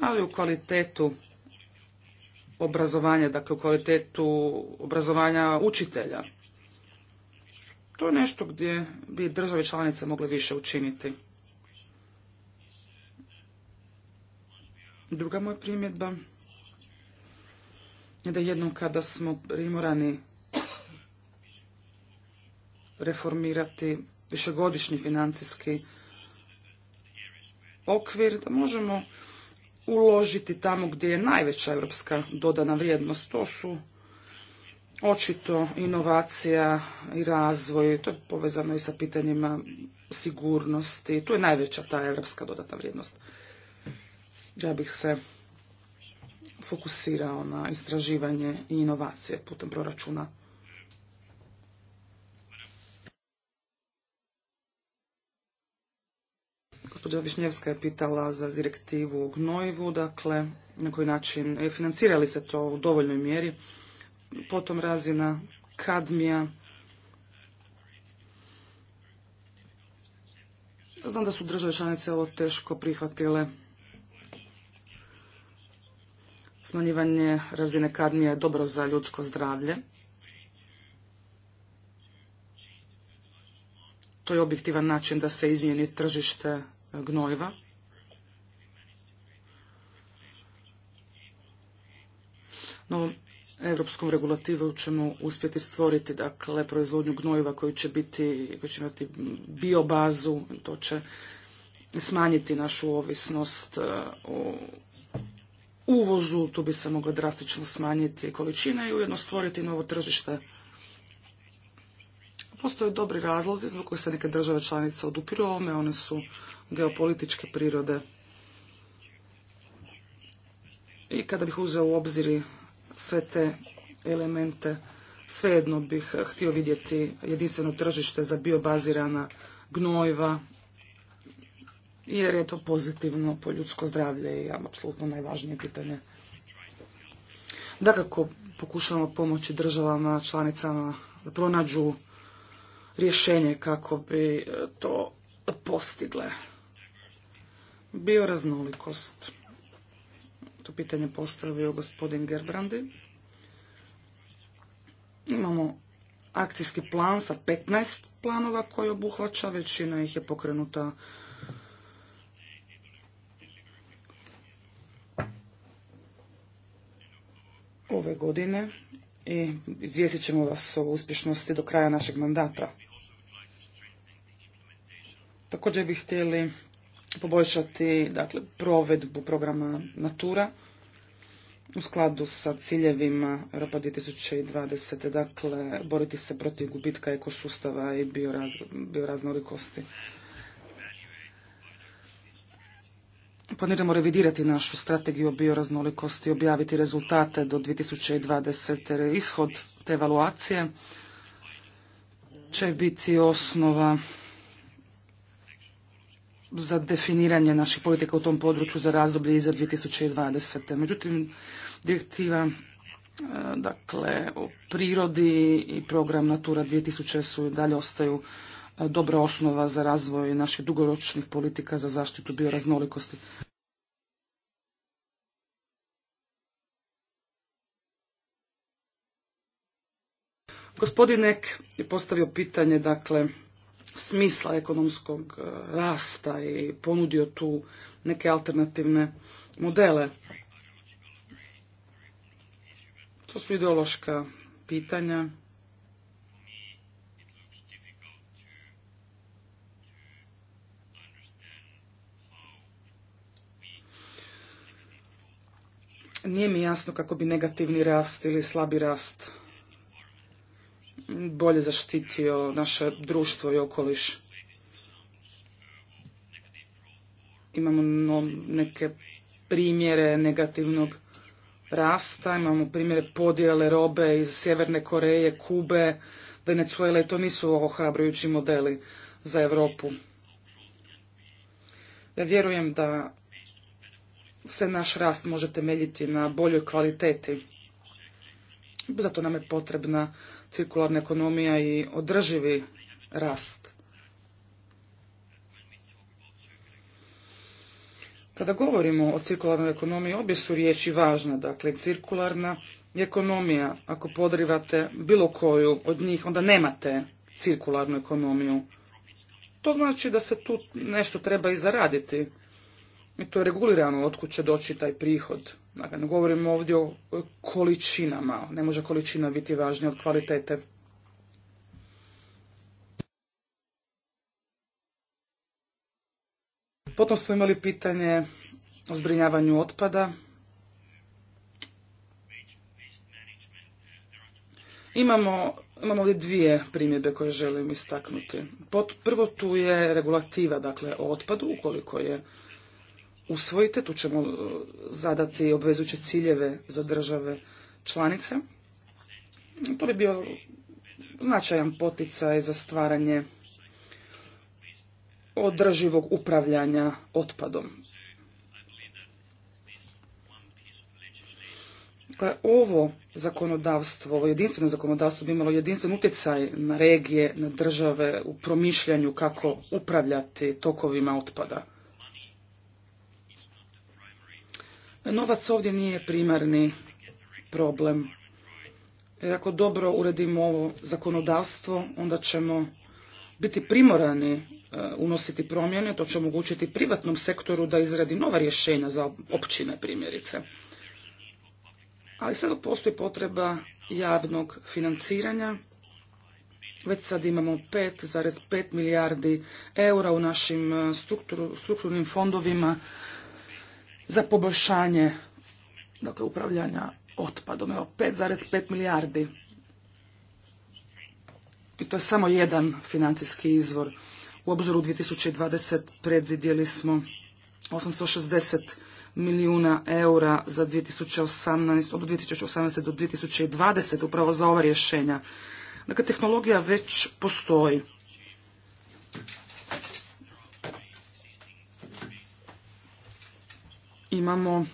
ali u kvalitetu obrazovanja, dakle u kvalitetu obrazovanja učitelja. To je nešto gdje bi države članice mogle više učiniti. Druga moja primjedba je da jednom kada smo primorani reformirati višegodišnji financijski okvir, da možemo uložiti tamo gdje je najveća europska dodana vrijednost. To su očito inovacija i razvoj, to je povezano i sa pitanjima sigurnosti, tu je najveća ta europska dodatna vrijednost. Ja bih se fokusirao na istraživanje i inovacije putem proračuna Gospođa Višnjevska je pitala za direktivu o gnojivu, dakle, na koji način je financirali se to u dovoljnoj mjeri. Potom razina kadmija. Znam da su države članice ovo teško prihvatile. Smanjivanje razine kadmija je dobro za ljudsko zdravlje. To je objektivan način da se izmijeni tržište gnojiva. Novom europskom regulativu ćemo uspjeti stvoriti dakle proizvodnju gnojiva koji će biti, koji će imati biobazu, to će smanjiti našu ovisnost e, o uvozu, tu bi se mogla drastično smanjiti količina i ujedno stvoriti novo tržište Postoje dobri razlozi zbog kojih se neke države članice odupiru ovome, one su geopolitičke prirode. I kada bih uzeo u obzir sve te elemente, svejedno bih htio vidjeti jedinstveno tržište za biobazirana gnojiva, jer je to pozitivno po ljudsko zdravlje i apsolutno najvažnije pitanje. Dakako, pokušavamo pomoći državama, članicama da pronađu rješenje kako bi e, to postigle. Bioraznolikost. To pitanje postavio gospodin Gerbrandi. Imamo akcijski plan sa 15 planova koji obuhvaća, većina ih je pokrenuta ove godine i izvijestit ćemo vas o uspješnosti do kraja našeg mandata. Također bi htjeli poboljšati dakle, provedbu programa Natura u skladu sa ciljevima Europa 2020. Dakle, boriti se protiv gubitka ekosustava i bioraz, bioraznolikosti. Planiramo revidirati našu strategiju o bioraznolikosti, objaviti rezultate do 2020. Ishod te evaluacije će biti osnova za definiranje naših politika u tom području za razdoblje iza 2020. Međutim, direktiva e, dakle, o prirodi i program Natura 2000 su dalje ostaju e, dobra osnova za razvoj naših dugoročnih politika za zaštitu bioraznolikosti. Gospodin je postavio pitanje, dakle, smisla ekonomskog e, rasta i ponudio tu neke alternativne modele. To su ideološka pitanja. Nije mi jasno kako bi negativni rast ili slabi rast bolje zaštitio naše društvo i okoliš. Imamo neke primjere negativnog rasta, imamo primjere podjele robe iz Sjeverne Koreje, Kube, Venezuele, to nisu ohrabrujući modeli za Europu. Ja vjerujem da se naš rast može temeljiti na boljoj kvaliteti. Zato nam je potrebna cirkularna ekonomija i održivi rast. Kada govorimo o cirkularnoj ekonomiji, obje su riječi važne. Dakle, cirkularna ekonomija, ako podrivate bilo koju od njih, onda nemate cirkularnu ekonomiju. To znači da se tu nešto treba i zaraditi. I to je regulirano od kud će doći taj prihod. Dakle, ne govorimo ovdje o e, količinama. Ne može količina biti važnija od kvalitete. Potom smo imali pitanje o zbrinjavanju otpada. Imamo, imamo ovdje dvije primjedbe koje želim istaknuti. pot prvo tu je regulativa, dakle, o otpadu, ukoliko je usvojite, tu ćemo e, zadati obvezujuće ciljeve za države članice. To bi bio značajan poticaj za stvaranje održivog upravljanja otpadom. Dakle, ovo zakonodavstvo, ovo jedinstveno zakonodavstvo bi imalo jedinstven utjecaj na regije, na države u promišljanju kako upravljati tokovima otpada. Novac ovdje nije primarni problem. Jer ako dobro uredimo ovo zakonodavstvo, onda ćemo biti primorani e, unositi promjene, to će omogućiti privatnom sektoru da izradi nova rješenja za općine primjerice. Ali sada postoji potreba javnog financiranja. Već sad imamo 5,5 milijardi eura u našim e, strukturnim fondovima za poboljšanje dakle, upravljanja otpadom. Evo, 5,5 milijardi. I to je samo jedan financijski izvor. U obzoru 2020 predvidjeli smo 860 milijuna eura za 2018, od 2018 do 2020 upravo za ova rješenja. Dakle, tehnologija već postoji. imamo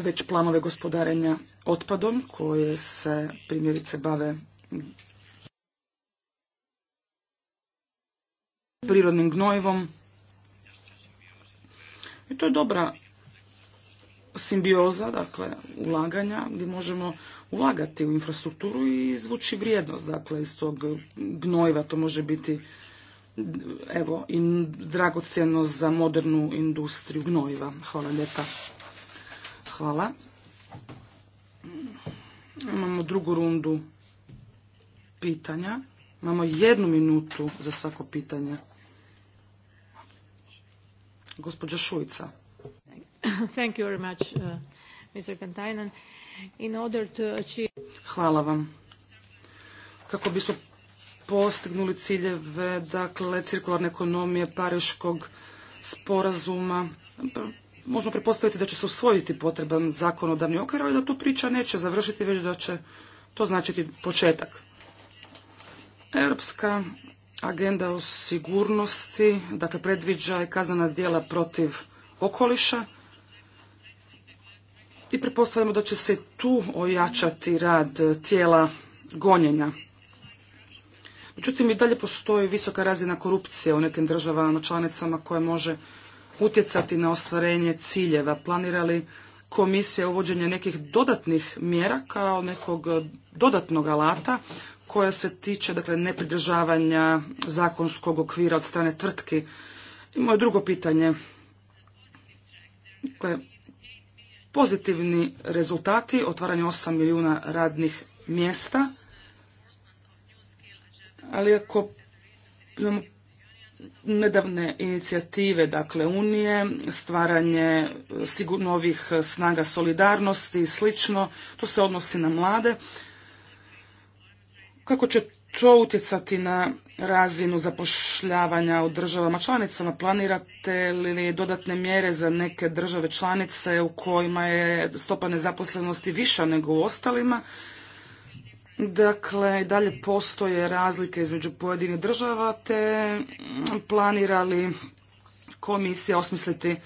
već planove gospodarenja otpadom koje se primjerice bave prirodnim gnojivom. I to je dobra simbioza, dakle ulaganja gdje možemo ulagati u infrastrukturu i izvući vrijednost dakle iz tog gnojiva. To može biti evo, in, dragocjeno za modernu industriju gnojiva. Hvala lijepa. Hvala. Imamo drugu rundu pitanja. Imamo jednu minutu za svako pitanje. Gospođa Šujica. Thank you very much, uh, Mr. In order to achieve... Hvala vam. Kako bismo postignuli ciljeve, dakle, cirkularne ekonomije, pariškog sporazuma. Možemo pretpostaviti da će se usvojiti potreban zakonodavni okvir, ali da tu priča neće završiti, već da će to značiti početak. Europska agenda o sigurnosti, dakle, predviđa i kazana dijela protiv okoliša, i pretpostavljamo da će se tu ojačati rad tijela gonjenja. Međutim, i dalje postoji visoka razina korupcije u nekim državama članicama koje može utjecati na ostvarenje ciljeva. Planira li komisija uvođenje nekih dodatnih mjera kao nekog dodatnog alata koja se tiče dakle, nepridržavanja zakonskog okvira od strane tvrtki? I moje drugo pitanje. Dakle, pozitivni rezultati, otvaranje 8 milijuna radnih mjesta – ali ako imamo nedavne inicijative dakle Unije, stvaranje e, sigurno e, snaga solidarnosti i slično, to se odnosi na mlade. Kako će to utjecati na razinu zapošljavanja u državama članicama? Planirate li dodatne mjere za neke države članice u kojima je stopa nezaposlenosti viša nego u ostalima? Dakle, i dalje postoje razlike između pojedinih država, te mm, planira li komisija osmisliti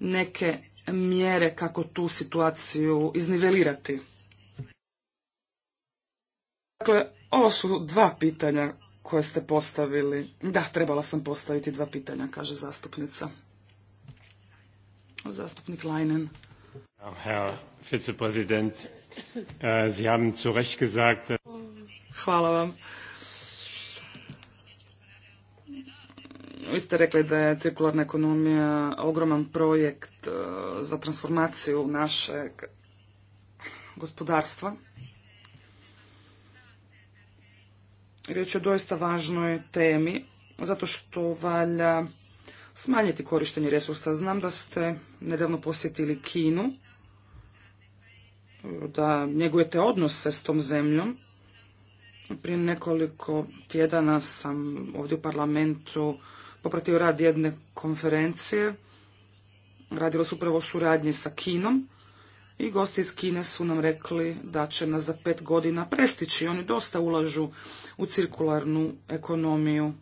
neke mjere kako tu situaciju iznivelirati? Dakle, ovo su dva pitanja koje ste postavili. Da, trebala sam postaviti dva pitanja, kaže zastupnica. Zastupnik Lajnen. Äh, äh, Hvala vam. Vi ste rekli da je cirkularna ekonomija ogroman projekt e, za transformaciju našeg gospodarstva. Riječ je o doista važnoj temi, zato što valja smanjiti korištenje resursa. Znam da ste nedavno posjetili Kinu, da njegujete odnose s tom zemljom. Prije nekoliko tjedana sam ovdje u parlamentu popratio rad jedne konferencije. Radilo se upravo o suradnji sa Kinom i gosti iz Kine su nam rekli da će nas za pet godina prestići. Oni dosta ulažu u cirkularnu ekonomiju.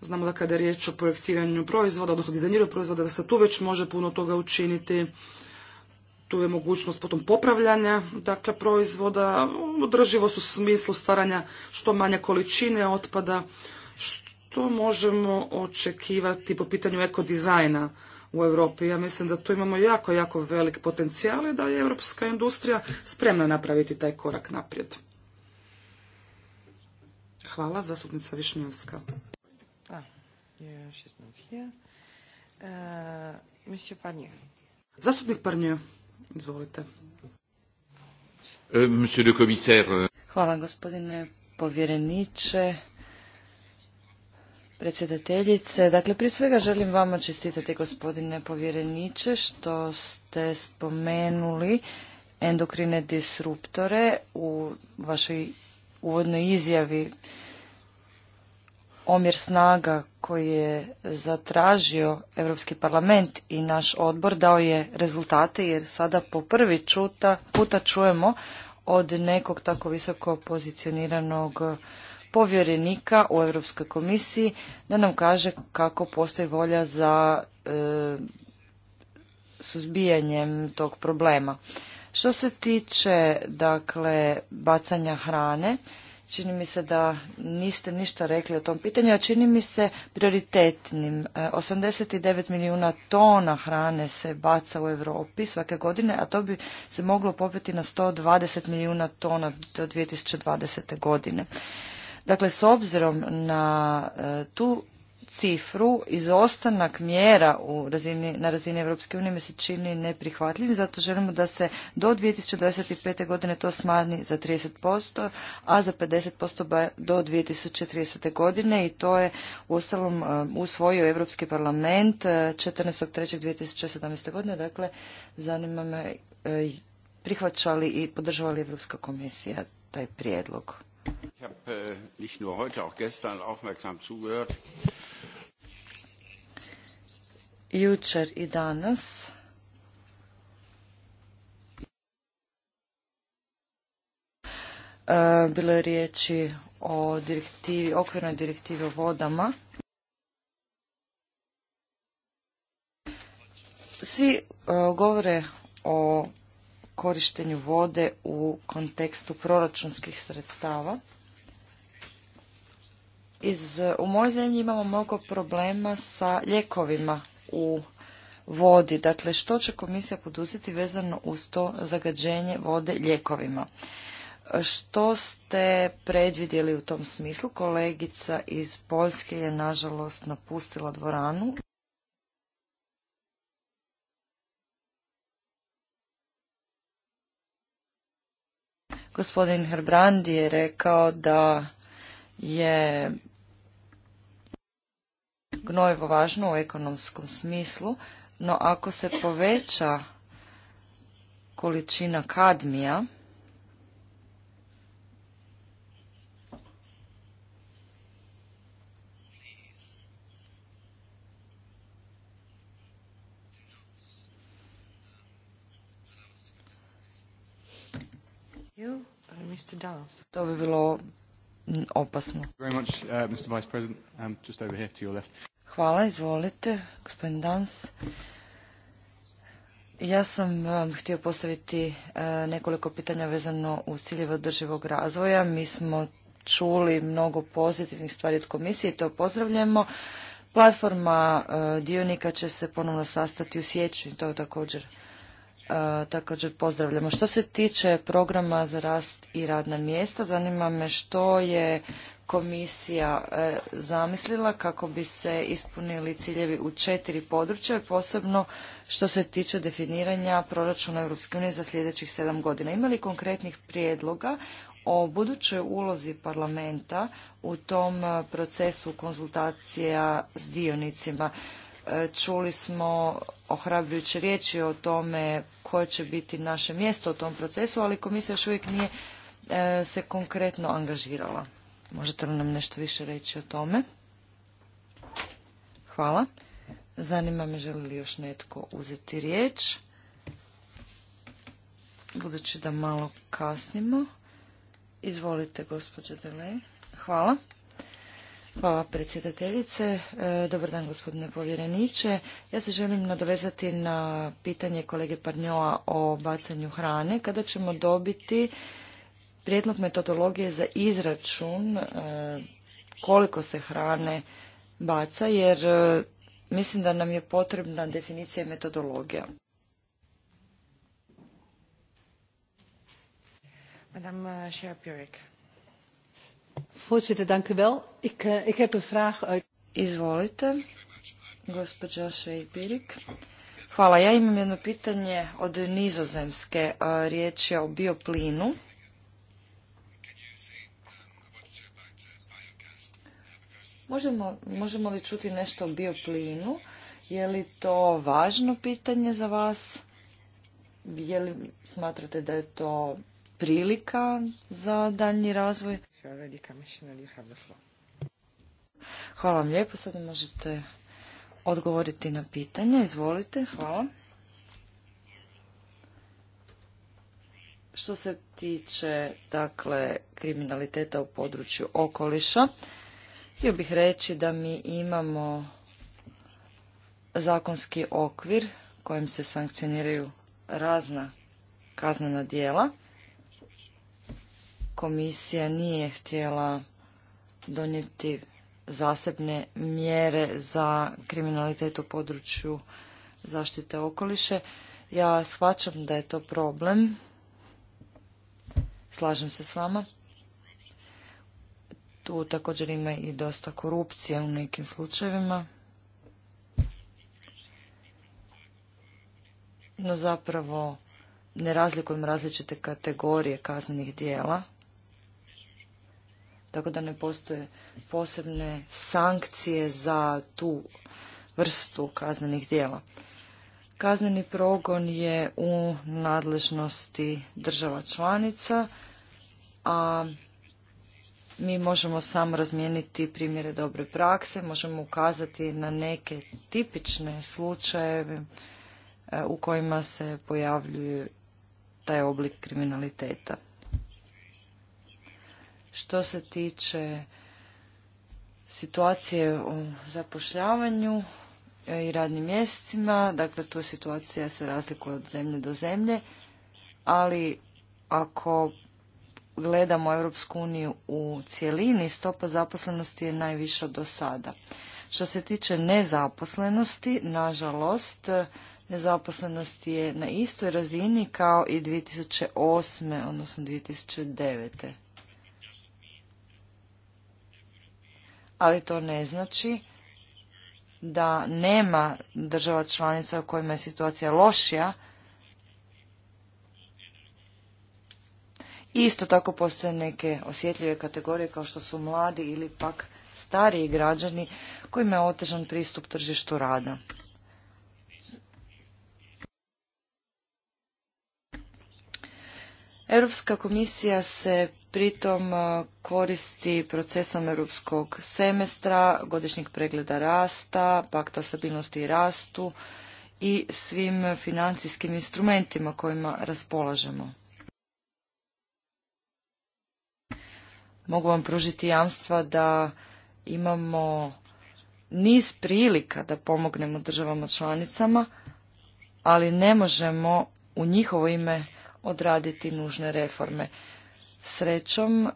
Znamo da kada je riječ o projektiranju proizvoda, odnosno dizajniranju proizvoda, da se tu već može puno toga učiniti. Tu je mogućnost potom popravljanja dakle, proizvoda, održivost u smislu stvaranja što manje količine otpada, što možemo očekivati po pitanju ekodizajna u Europi. Ja mislim da tu imamo jako, jako velik potencijal i da je europska industrija spremna napraviti taj korak naprijed. Hvala, zastupnica Višnjevska. Yeah, she's not Monsieur Zastupnik Parnier, izvolite. E, monsieur le commissaire. Euh, Hvala gospodine povjereniče, predsjedateljice. Dakle, prije svega želim vama čestitati gospodine povjereniče što ste spomenuli endokrine disruptore u vašoj uvodnoj izjavi omjer snaga koji je zatražio Europski parlament i naš odbor dao je rezultate jer sada po prvi čuta, puta čujemo od nekog tako visoko pozicioniranog povjerenika u Europskoj komisiji da nam kaže kako postoji volja za e, suzbijanjem tog problema. Što se tiče dakle bacanja hrane, Čini mi se da niste ništa rekli o tom pitanju, a čini mi se prioritetnim. 89 e, milijuna tona hrane se baca u Europi svake godine, a to bi se moglo popeti na 120 milijuna tona do 2020. godine. Dakle, s obzirom na e, tu cifru izostanak mjera na razini Europske unije mi se čini neprihvatljivim, zato želimo da se do 2025. godine to smanji za 30%, a za 50% do 2030. godine i to je uostalom e, usvojio Europski parlament 14.3.2017. E, godine, dakle zanima me e, prihvaćali i podržavali Europska komisija taj prijedlog. Ich nicht nur heute, auch gestern aufmerksam zugehört jučer i danas. E, bilo je riječi o direktivi, okvirnoj direktivi o vodama. Svi e, govore o korištenju vode u kontekstu proračunskih sredstava. Iz, u mojoj zemlji imamo mnogo problema sa ljekovima u vodi. Dakle, što će komisija poduzeti vezano uz to zagađenje vode ljekovima? Što ste predvidjeli u tom smislu? Kolegica iz Poljske je nažalost napustila dvoranu. Gospodin Herbrandi je rekao da je gnojevo važno u ekonomskom smislu, no ako se poveća količina kadmija, To bi bilo opasno. Hvala, izvolite, gospodin Dans. Ja sam um, htio postaviti uh, nekoliko pitanja vezano uz ciljeve održivog razvoja. Mi smo čuli mnogo pozitivnih stvari od komisije i to pozdravljamo. Platforma uh, dionika će se ponovno sastati u Sjeću i to također uh, također pozdravljamo. Što se tiče programa za rast i radna mjesta, zanima me što je komisija e, zamislila kako bi se ispunili ciljevi u četiri područja, posebno što se tiče definiranja proračuna Europske unije za sljedećih sedam godina. Ima li konkretnih prijedloga o budućoj ulozi parlamenta u tom e, procesu konzultacija s dionicima? E, čuli smo ohrabrujuće riječi o tome koje će biti naše mjesto u tom procesu, ali komisija još uvijek nije se konkretno angažirala. Možete li nam nešto više reći o tome? Hvala. Zanima me želi li još netko uzeti riječ. Budući da malo kasnimo. Izvolite, gospođa Delej. Hvala. Hvala predsjedateljice. E, dobar dan gospodine povjereniče. Ja se želim nadovezati na pitanje kolege Parnjoa o bacanju hrane. Kada ćemo dobiti prijedlog metodologije za izračun e, koliko se hrane baca jer e, mislim da nam je potrebna definicija i metodologija. Madame Scherpjurek. E, Voorzitter, dank Ik, eh, vraag uit... Izvolite, gospođa Šejpirik. Hvala, ja imam jedno pitanje od nizozemske riječi o bioplinu. Možemo, li čuti nešto o bioplinu? Je li to važno pitanje za vas? Je li smatrate da je to prilika za daljnji razvoj? Hvala vam lijepo, sada možete odgovoriti na pitanje. Izvolite, hvala. Što se tiče dakle kriminaliteta u području okoliša, Htio bih reći da mi imamo zakonski okvir kojim se sankcioniraju razna kaznena djela. Komisija nije htjela donijeti zasebne mjere za kriminalitet u području zaštite okoliše. Ja shvaćam da je to problem. Slažem se s vama. Tu također ima i dosta korupcije u nekim slučajevima. No zapravo ne razlikujem različite kategorije kaznenih dijela. Tako da ne postoje posebne sankcije za tu vrstu kaznenih dijela. Kazneni progon je u nadležnosti država članica, a mi možemo samo razmijeniti primjere dobre prakse, možemo ukazati na neke tipične slučajeve e, u kojima se pojavljuje taj oblik kriminaliteta. Što se tiče situacije u zapošljavanju e, i radnim mjesecima, dakle tu situacija se razlikuje od zemlje do zemlje, ali ako gledamo Europsku uniju u cjelini, stopa zaposlenosti je najviša do sada. Što se tiče nezaposlenosti, nažalost, nezaposlenost je na istoj razini kao i 2008. odnosno 2009. Ali to ne znači da nema država članica u kojima je situacija lošija Isto tako postoje neke osjetljive kategorije kao što su mladi ili pak stariji građani kojima je otežan pristup tržištu rada. Europska komisija se pritom e, koristi procesom europskog semestra, godišnjeg pregleda rasta, pakta o stabilnosti i rastu i svim financijskim instrumentima kojima raspolažemo. mogu vam pružiti jamstva da imamo niz prilika da pomognemo državama članicama, ali ne možemo u njihovo ime odraditi nužne reforme. Srećom,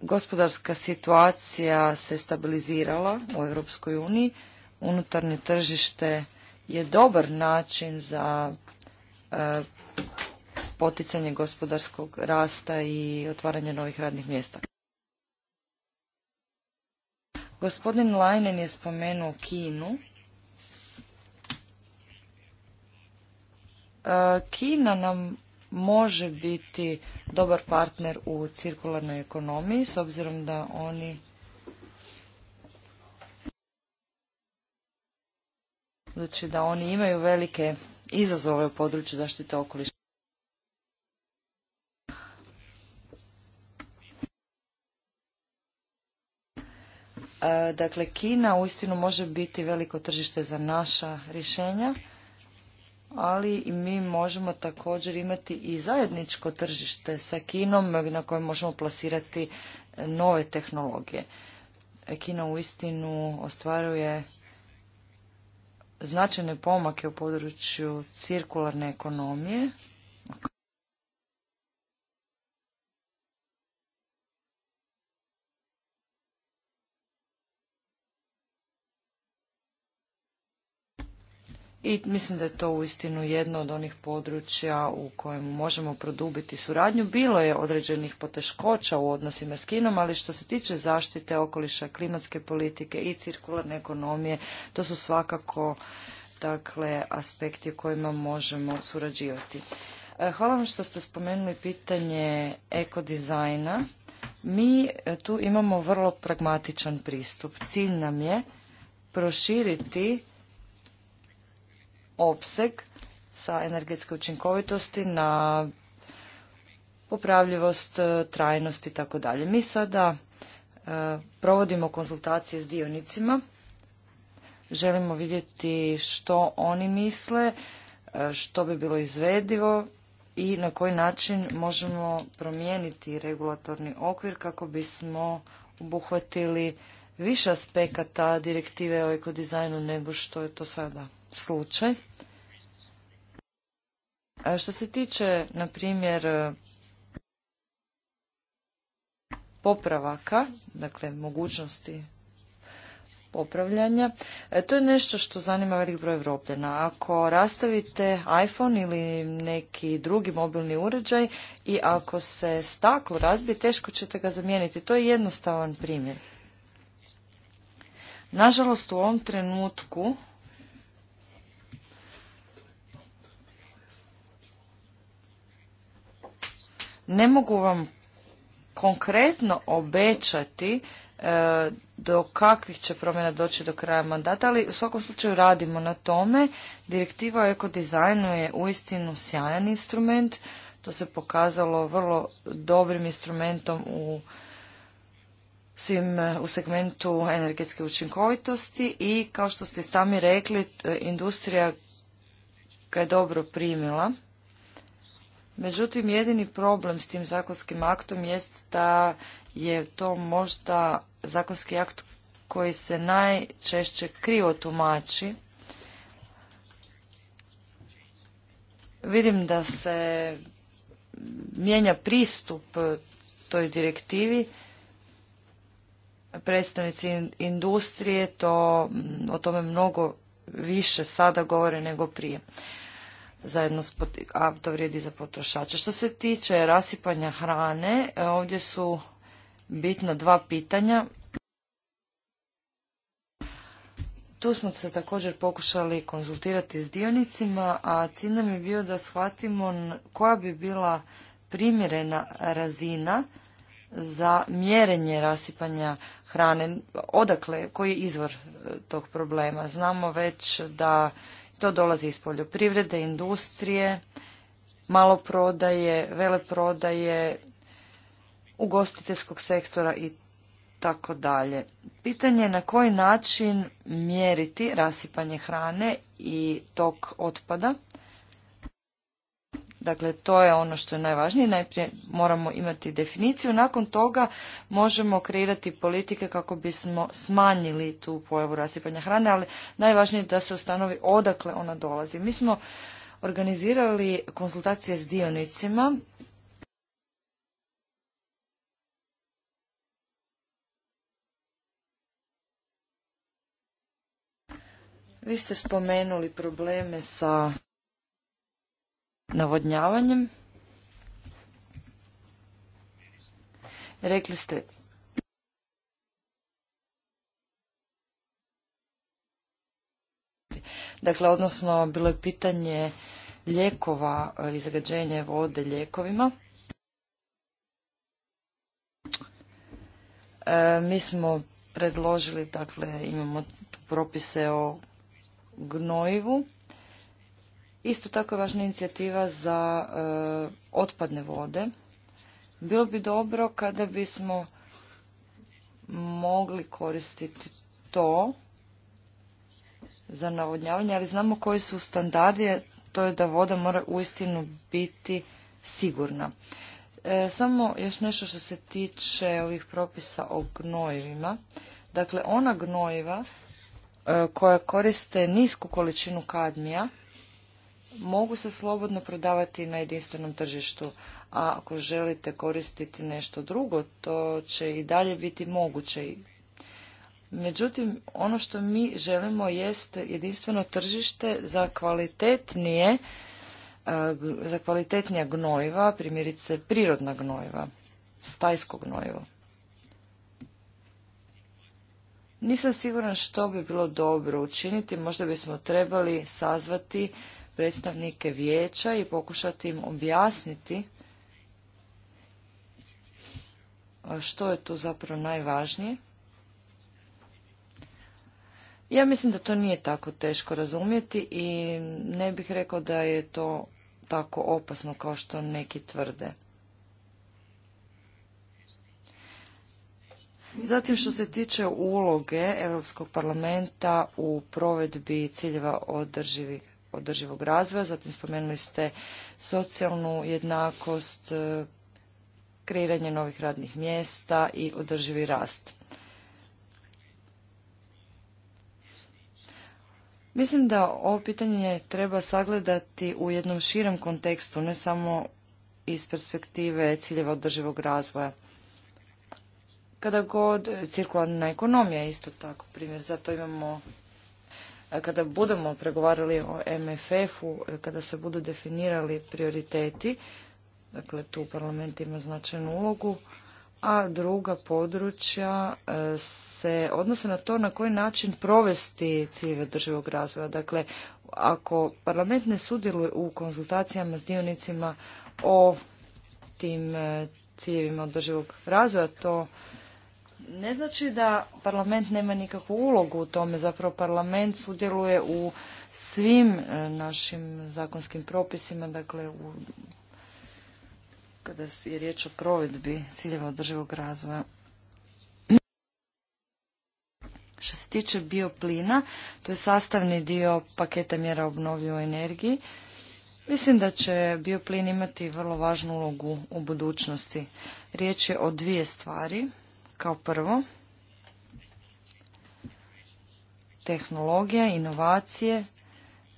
gospodarska situacija se stabilizirala u Europskoj uniji. Unutarnje tržište je dobar način za e, poticanje gospodarskog rasta i otvaranje novih radnih mjesta. Gospodin Lajnen je spomenuo Kinu. E, Kina nam može biti dobar partner u cirkularnoj ekonomiji s obzirom da oni znači da oni imaju velike izazove u području zaštite okoliša. E, dakle, Kina uistinu može biti veliko tržište za naša rješenja, ali i mi možemo također imati i zajedničko tržište sa Kinom na kojem možemo plasirati nove tehnologije. Kina uistinu ostvaruje značajne pomake u području cirkularne ekonomije i mislim da je to uistinu jedno od onih područja u kojem možemo produbiti suradnju. Bilo je određenih poteškoća u odnosima s Kinom, ali što se tiče zaštite okoliša, klimatske politike i cirkularne ekonomije, to su svakako dakle aspekti u kojima možemo surađivati. E, hvala vam što ste spomenuli pitanje ekodizajna. Mi e, tu imamo vrlo pragmatičan pristup. Cilj nam je proširiti opseg sa energetske učinkovitosti na popravljivost, e, trajnost i tako dalje. Mi sada e, provodimo konzultacije s dionicima. Želimo vidjeti što oni misle, e, što bi bilo izvedivo i na koji način možemo promijeniti regulatorni okvir kako bismo obuhvatili više aspekata direktive o ekodizajnu nego što je to sada slučaj. Što se tiče, na primjer, popravaka, dakle mogućnosti popravljanja. E, to je nešto što zanima velik broj Evropljena. Ako rastavite iPhone ili neki drugi mobilni uređaj i ako se staklo razbije, teško ćete ga zamijeniti. To je jednostavan primjer. Nažalost, u ovom trenutku Ne mogu vam konkretno obećati e, do kakvih će promjena doći do kraja mandata, ali u svakom slučaju radimo na tome. Direktiva o ekodizajnu je uistinu sjajan instrument. To se pokazalo vrlo dobrim instrumentom u svim e, u segmentu energetske učinkovitosti i kao što ste sami rekli, e, industrija ga je dobro primila Međutim, jedini problem s tim zakonskim aktom jest da je to možda zakonski akt koji se najčešće krivo tumači. Vidim da se mijenja pristup toj direktivi. Predstavnici industrije to, o tome mnogo više sada govore nego prije zajedno s, a to vrijedi za potrošače. Što se tiče rasipanja hrane, e, ovdje su bitna dva pitanja. Tu smo se također pokušali konzultirati s dionicima, a cilj nam je bio da shvatimo koja bi bila primjerena razina za mjerenje rasipanja hrane, odakle, koji je izvor e, tog problema. Znamo već da to dolazi iz poljoprivrede, industrije, maloprodaje, veleprodaje, ugostiteljskog sektora i tako dalje. Pitanje je na koji način mjeriti rasipanje hrane i tok otpada Dakle, to je ono što je najvažnije. Najprije moramo imati definiciju, nakon toga možemo kreirati politike kako bismo smanjili tu pojavu rasipanja hrane, ali najvažnije je da se ustanovi odakle ona dolazi. Mi smo organizirali konsultacije s dionicima Vi ste spomenuli probleme sa navodnjavanjem. Rekli ste Dakle, odnosno, bilo je pitanje ljekova i vode ljekovima. E, mi smo predložili, dakle, imamo propise o gnojivu Isto tako je važna inicijativa za e, otpadne vode. Bilo bi dobro kada bismo mogli koristiti to za navodnjavanje, ali znamo koji su standardi, to je da voda mora uistinu biti sigurna. E, samo još nešto što se tiče ovih propisa o gnojivima. Dakle, ona gnojiva e, koja koriste nisku količinu kadmija, mogu se slobodno prodavati na jedinstvenom tržištu, a ako želite koristiti nešto drugo, to će i dalje biti moguće. Međutim, ono što mi želimo jest jedinstveno tržište za kvalitetnije, e, za kvalitetnija gnojiva, primjerice prirodna gnojiva, stajsko gnojivo. Nisam siguran što bi bilo dobro učiniti, možda bismo trebali sazvati predstavnike vijeća i pokušati im objasniti što je tu zapravo najvažnije. Ja mislim da to nije tako teško razumjeti i ne bih rekao da je to tako opasno kao što neki tvrde. Zatim što se tiče uloge Europskog parlamenta u provedbi ciljeva održivih održivog razvoja, zatim spomenuli ste socijalnu jednakost, e, kreiranje novih radnih mjesta i održivi rast. Mislim da ovo pitanje treba sagledati u jednom širem kontekstu, ne samo iz perspektive ciljeva održivog razvoja. Kada god cirkularna ekonomija je isto tako primjer, zato imamo E, kada budemo pregovarali o MFF-u, e, kada se budu definirali prioriteti, dakle tu parlament ima značajnu ulogu, a druga područja e, se odnose na to na koji način provesti ciljeve održivog razvoja. Dakle, ako parlament ne sudjeluje u konzultacijama s dionicima o tim ciljevima održivog razvoja, to ne znači da parlament nema nikakvu ulogu u tome. Zapravo parlament sudjeluje u svim e, našim zakonskim propisima, dakle u, kada je riječ o provedbi ciljeva održivog razvoja. Što se tiče bioplina, to je sastavni dio paketa mjera obnovljivoj energiji. Mislim da će bioplin imati vrlo važnu ulogu u budućnosti. Riječ je o dvije stvari. Kao prvo, tehnologija, inovacije,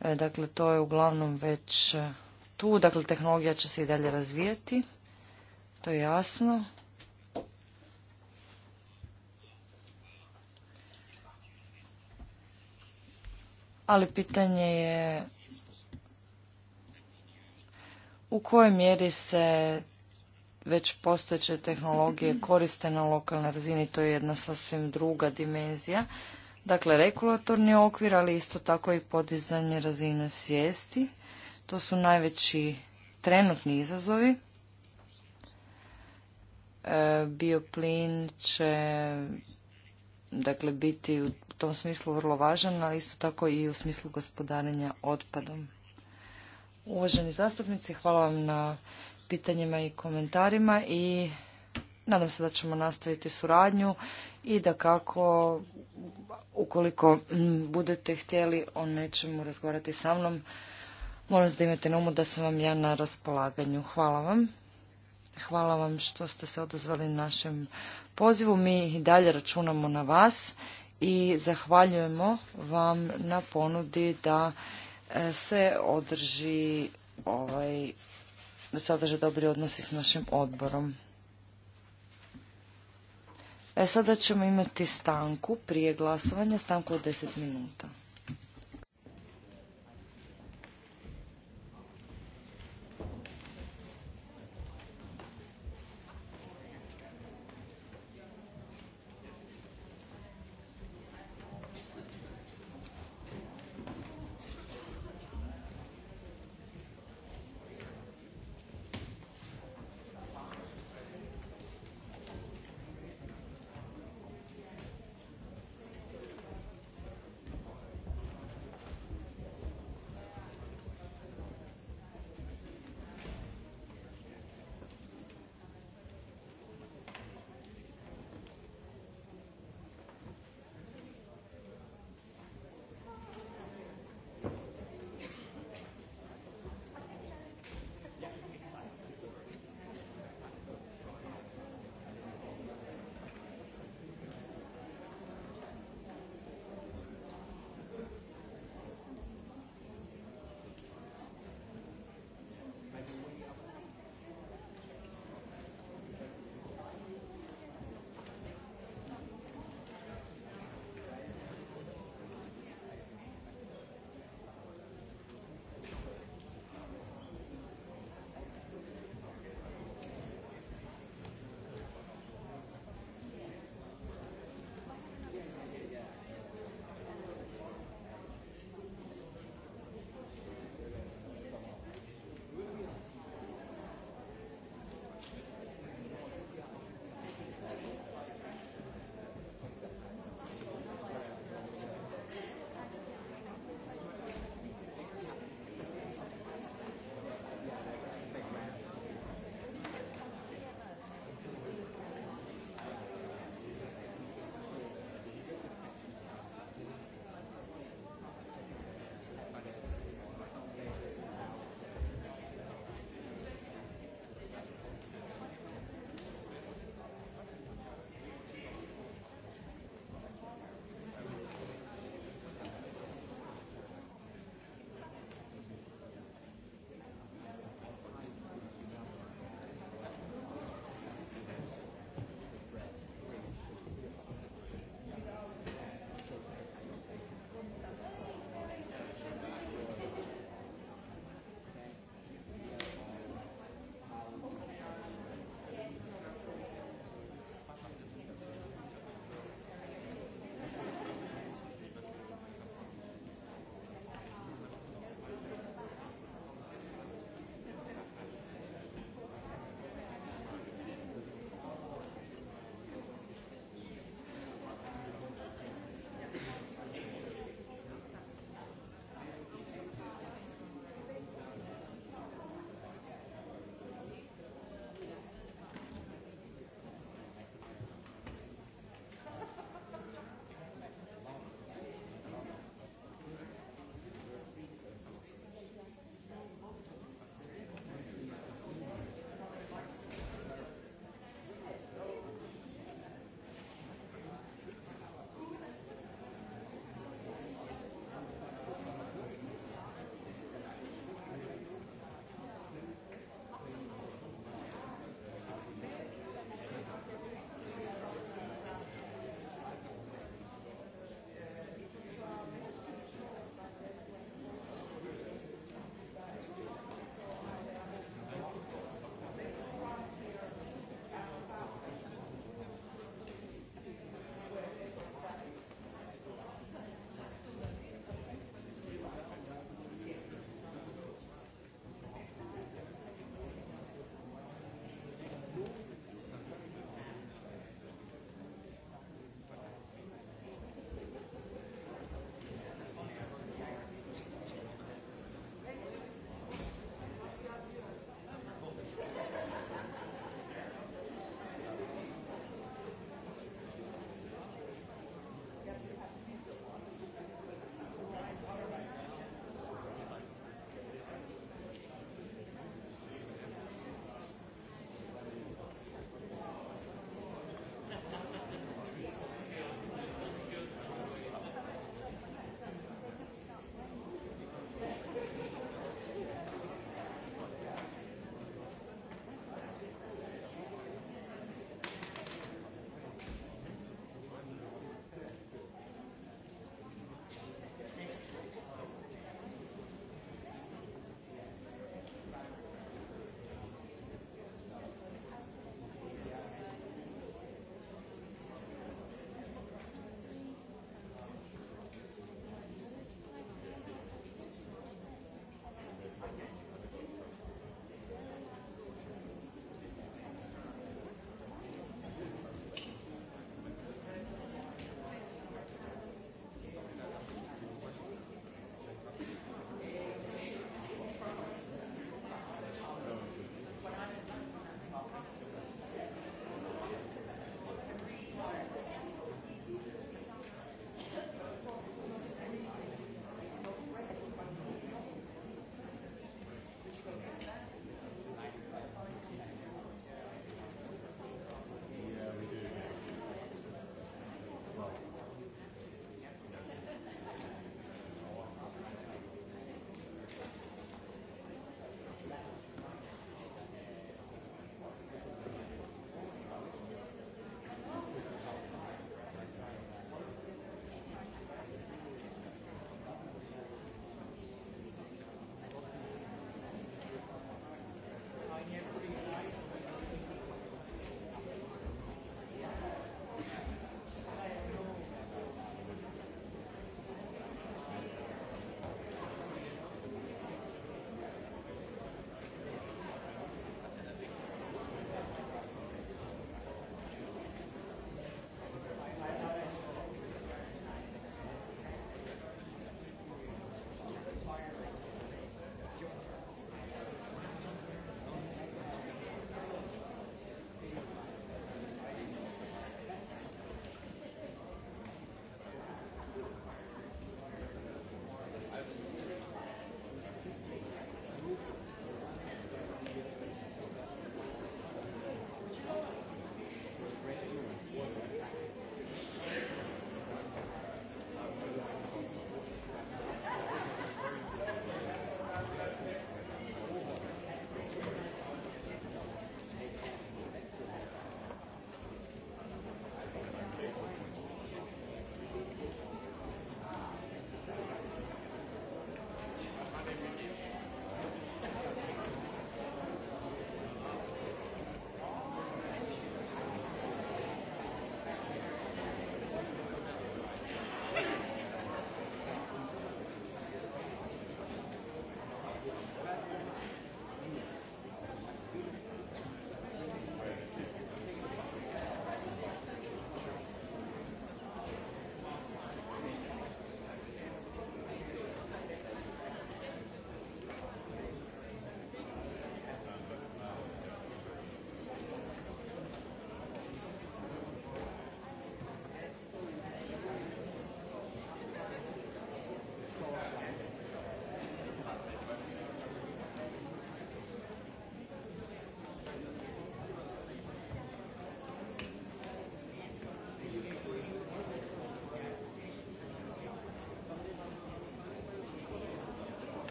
e, dakle to je uglavnom već e, tu, dakle tehnologija će se i dalje razvijati, to je jasno. Ali pitanje je u kojoj mjeri se već postojeće tehnologije koriste na lokalnoj razini, to je jedna sasvim druga dimenzija. Dakle, regulatorni okvir, ali isto tako i podizanje razine svijesti. To su najveći trenutni izazovi. E, bioplin će dakle, biti u tom smislu vrlo važan, ali isto tako i u smislu gospodarenja otpadom. Uvaženi zastupnici, hvala vam na pitanjima i komentarima i nadam se da ćemo nastaviti suradnju i da kako ukoliko budete htjeli o nečemu razgovarati sa mnom, molim da imate na umu da sam vam ja na raspolaganju. Hvala vam. Hvala vam što ste se odozvali našem pozivu. Mi i dalje računamo na vas i zahvaljujemo vam na ponudi da e, se održi ovaj da sadrže dobri odnosi s našim odborom. E, sada ćemo imati stanku prije glasovanja, stanku od 10 minuta.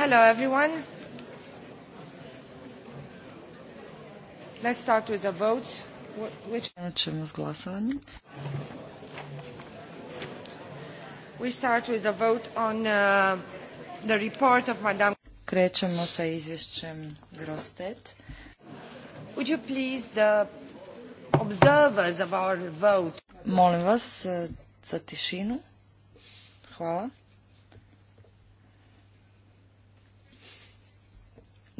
Hello, everyone. Let's start with the votes. Which... s We start with the vote on uh, the report of Madame... Krećemo sa izvješćem Grostet. Would you please the observers of our vote? Molim vas uh, za tišinu. Hvala.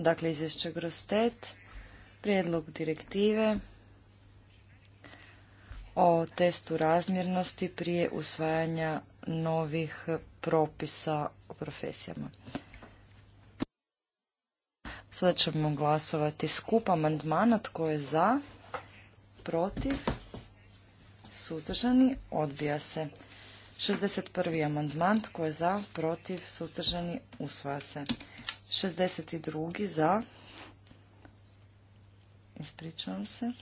dakle izvješće Grostet, prijedlog direktive o testu razmjernosti prije usvajanja novih propisa o profesijama. Sada ćemo glasovati skup amandmana tko je za, protiv, suzdržani, odbija se. 61. amandman tko je za, protiv, suzdržani, usvaja se. 62. za. Ispričavam se.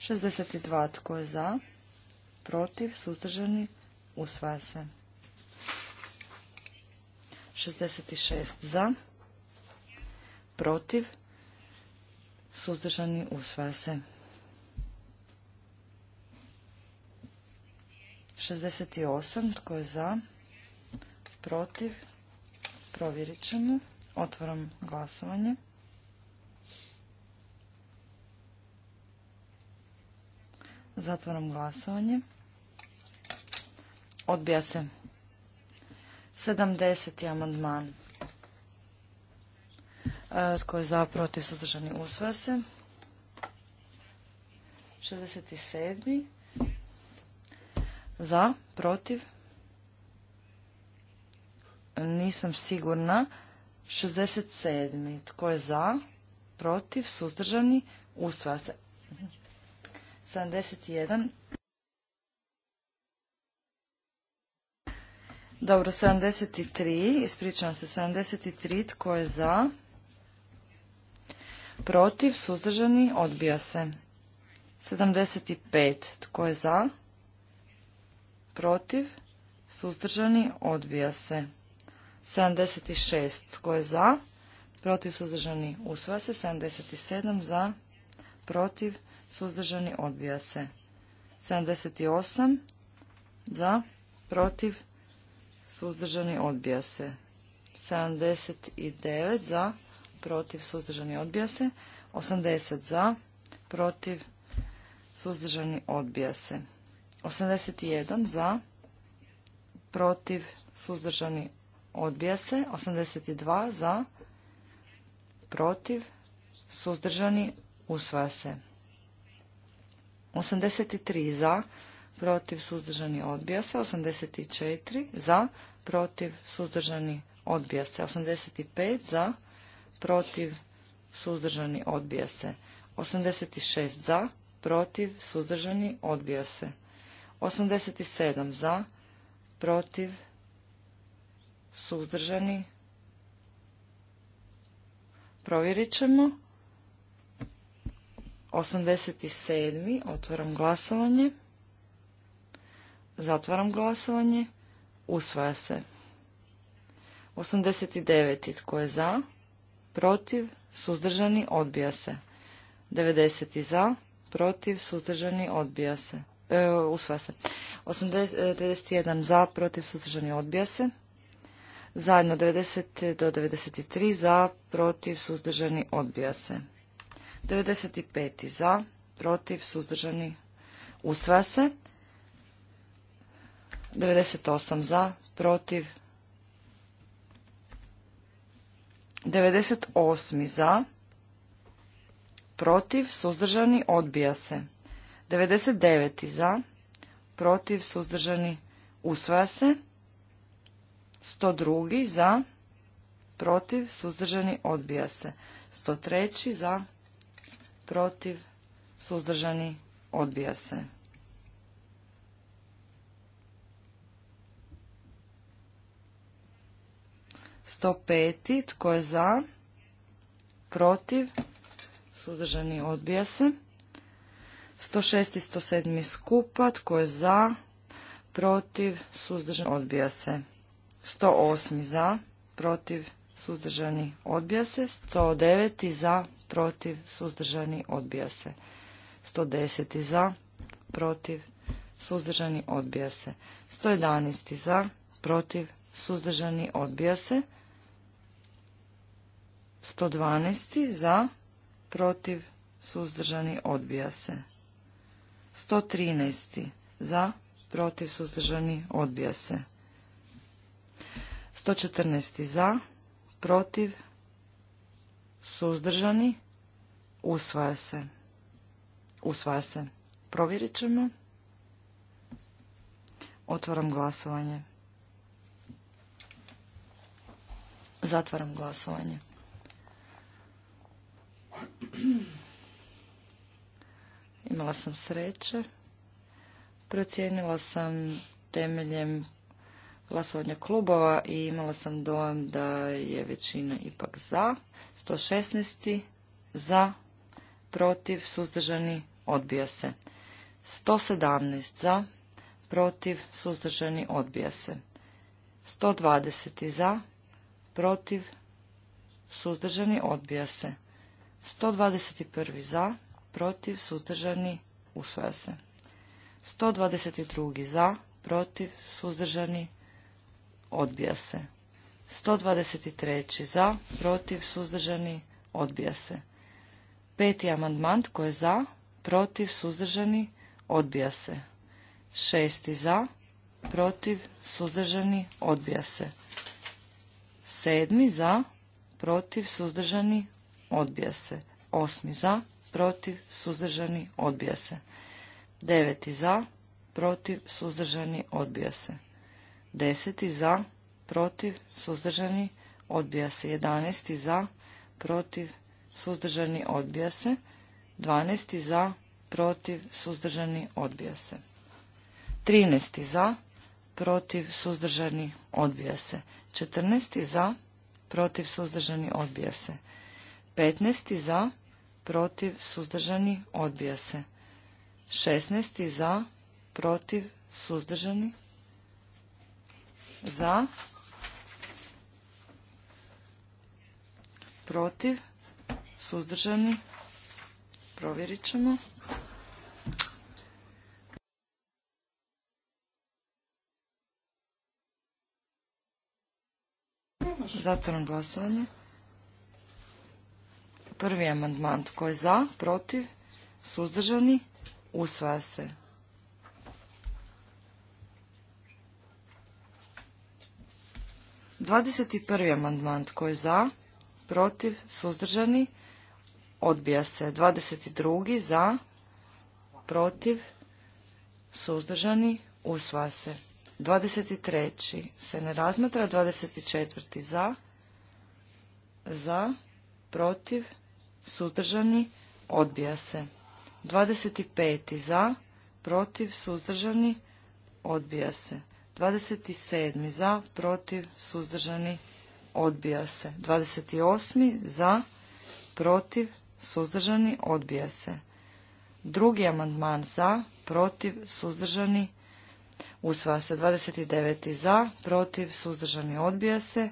62. Tko je za? Protiv? Suzdržani? Usvaja se. 66. Za? Protiv? Suzdržani? Usvaja se. 68. Tko je za? protiv, provjerit ćemo. Otvaram glasovanje. Zatvaram glasovanje. Odbija se. 70. amandman. E, tko je za, protiv, suzdržani, usvaja se. 67. Za, protiv, nisam sigurna. 67. Tko je za? Protiv? Suzdržani? Usvaja se. 71. Dobro, 73. Ispričavam se. 73. Tko je za? Protiv? Suzdržani? Odbija se. 75. Tko je za? Protiv? Suzdržani? Odbija se. 76. Tko je za? Protiv suzdržani usvaja se. 77. Za? Protiv suzdržani odbija se. 78. Za? Protiv suzdržani odbija se. 79. Za? Protiv suzdržani odbija se. 80. Za? Protiv suzdržani odbija se. 81. Za? Protiv suzdržani odbija se. 82 za, protiv, suzdržani, usvaja se. 83 za, protiv, suzdržani, odbija se. 84 za, protiv, suzdržani, odbija se. 85 za, protiv, suzdržani, odbija se. 86 za, protiv, suzdržani, odbija se. 87 za, protiv, suzdržani. Provjerit ćemo. 87. Otvaram glasovanje. Zatvaram glasovanje. Usvaja se. 89. Tko je za? Protiv? Suzdržani? Odbija se. 90. Za? Protiv? Suzdržani? Odbija se. E, usvaja se. 81. Za? Protiv? Suzdržani? Odbija se. Zajedno 90 do 93 za, protiv, suzdržani, odbija se. 95 za, protiv, suzdržani, usvaja se. 98 za, protiv. 98 za, protiv, suzdržani, odbija se. 99 za, protiv, suzdržani, usvaja se. 102. za, protiv, suzdržani, odbija se. 103. za, protiv, suzdržani, odbija se. Sto peti, tko je za, protiv, suzdržani, odbija se. 106 i 107 skupa, tko je za, protiv, suzdržani, odbija se. 108 za, protiv, suzdržani, odbija se. 109 za, protiv, suzdržani, odbija se. 110 za, protiv, suzdržani, odbija se. 111 za, protiv, suzdržani, odbija se. 112 za, protiv, suzdržani, odbija se. 113 za, protiv, suzdržani, odbija se. 114. za, protiv, suzdržani, usvaja se. Usvaja se. Provjerit ćemo. Otvaram glasovanje. Zatvaram glasovanje. Imala sam sreće. Procijenila sam temeljem glasovanja klubova i imala sam dojam da je većina ipak za. 116. za, protiv, suzdržani, odbija se. 117 za, protiv, suzdržani, odbija se. 120 za, protiv, suzdržani, odbija se. 121 za, protiv, suzdržani, usvaja se. 122 za, protiv, suzdržani, odbija se. 123. za, protiv, suzdržani, odbija se. Peti amandman tko je za, protiv, suzdržani, odbija se. Šesti za, protiv, suzdržani, odbija se. Sedmi za, protiv, suzdržani, odbija se. Osmi za, protiv, suzdržani, odbija se. Deveti za, protiv, suzdržani, odbija se. 10. za, protiv, suzdržani, odbija se. 11. za, protiv, suzdržani, odbija se. 12. za, protiv, suzdržani, odbija se. 13. za, protiv, suzdržani, odbija se. 14. za, protiv, suzdržani, odbija se. 15. za, protiv, suzdržani, odbija se. 16. za, protiv, suzdržani, za, protiv, suzdržani, provjerit ćemo. Zatvorno glasovanje. Prvi amandman tko je za, protiv, suzdržani, usvaja se. 21. amandman tko je za, protiv, suzdržani, odbija se. 22. za, protiv, suzdržani, usva se. 23. se ne razmatra, 24. za, za, protiv, suzdržani, odbija se. 25. za, protiv, suzdržani, odbija se. 27. za, protiv, suzdržani, odbija se. 28. za, protiv, suzdržani, odbija se. Drugi amandman za, protiv, suzdržani, usvaja se. 29. za, protiv, suzdržani, odbija se.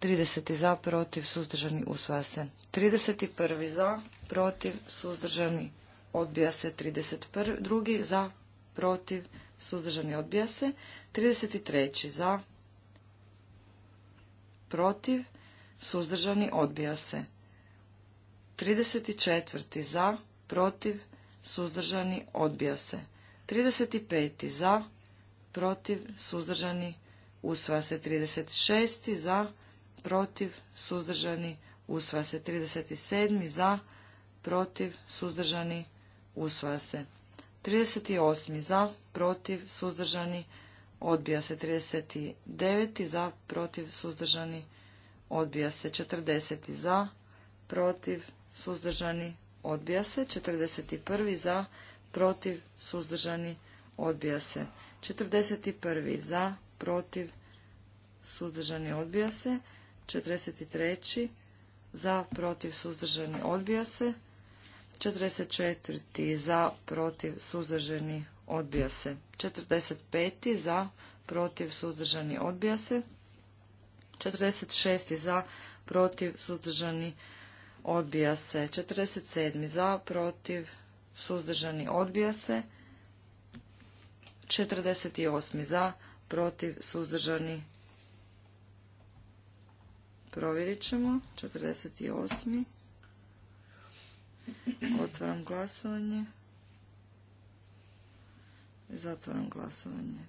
30. za, protiv, suzdržani, usvaja se. 31. za, protiv, suzdržani, odbija se. 32. za, protiv, suzdržani odbija se. 33. za, protiv, suzdržani odbija se. 34. za, protiv, suzdržani odbija se. 35. za, protiv, suzdržani usvaja se. 36. za, protiv, suzdržani usvaja se. 37. za, protiv, suzdržani usvaja se. 38. za, protiv, suzdržani, odbija se 39. za, protiv, suzdržani, odbija se 40. za, protiv, suzdržani, odbija se 41. za, protiv, suzdržani, odbija se 41. za, protiv, suzdržani, odbija se 43. za, protiv, suzdržani, odbija se 44. za, protiv, suzdržani, odbija se. 45. za, protiv, suzdržani, odbija se. 46. za, protiv, suzdržani, odbija se. 47. za, protiv, suzdržani, odbija se. 48. za, protiv, suzdržani, provjerit ćemo. 48. Otvaram glasovanje. Zatvaram glasovanje.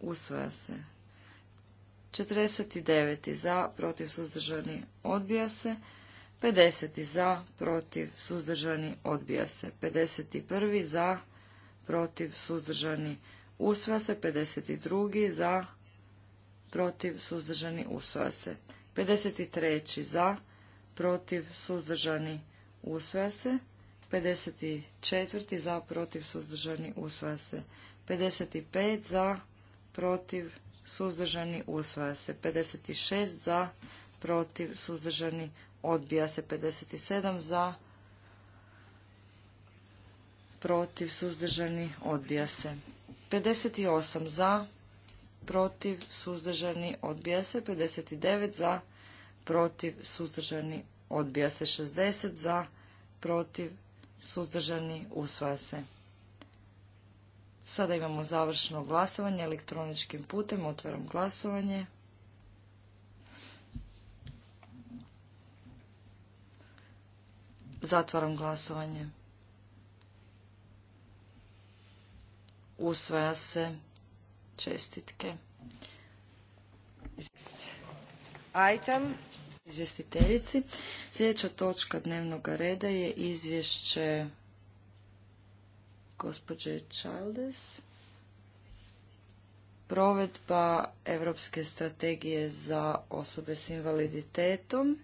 Usvoja se. 49. za, protiv, suzdržani, odbija se. 50. za, protiv, suzdržani, odbija se. 51. za, protiv, suzdržani, usvoja se. 52. za, protiv, suzdržani, usvoja se. 53. za, protiv, suzdržani, usvaja se. 54. za, protiv, suzdržani, usvaja se. 55. za, protiv, suzdržani, usvaja se. 56. za, protiv, suzdržani, odbija se. 57. za, protiv, suzdržani, odbija se. 58. za, protiv, suzdržani, odbija se. 59. za, protiv, protiv, suzdržani, odbija se 60 za, protiv, suzdržani, usvaja se. Sada imamo završno glasovanje elektroničkim putem, otvaram glasovanje. Zatvaram glasovanje. Usvaja se čestitke. Item izvjestiteljici. Sljedeća točka dnevnog reda je izvješće gospođe Childes. Provedba Europske strategije za osobe s invaliditetom.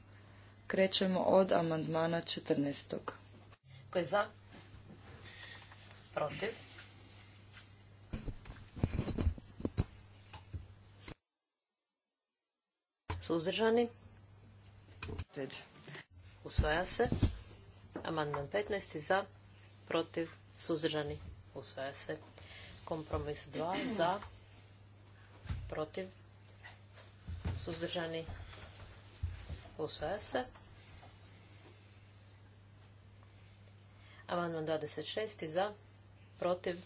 Krećemo od amandmana 14. Tko je za? Protiv? Suzdržani? Usvaja se. Amandman 15. Za. Protiv. Suzdržani. Usvaja se. Kompromis 2. Za. Protiv. Suzdržani. Usvaja se. Amandman 26. Za. Protiv.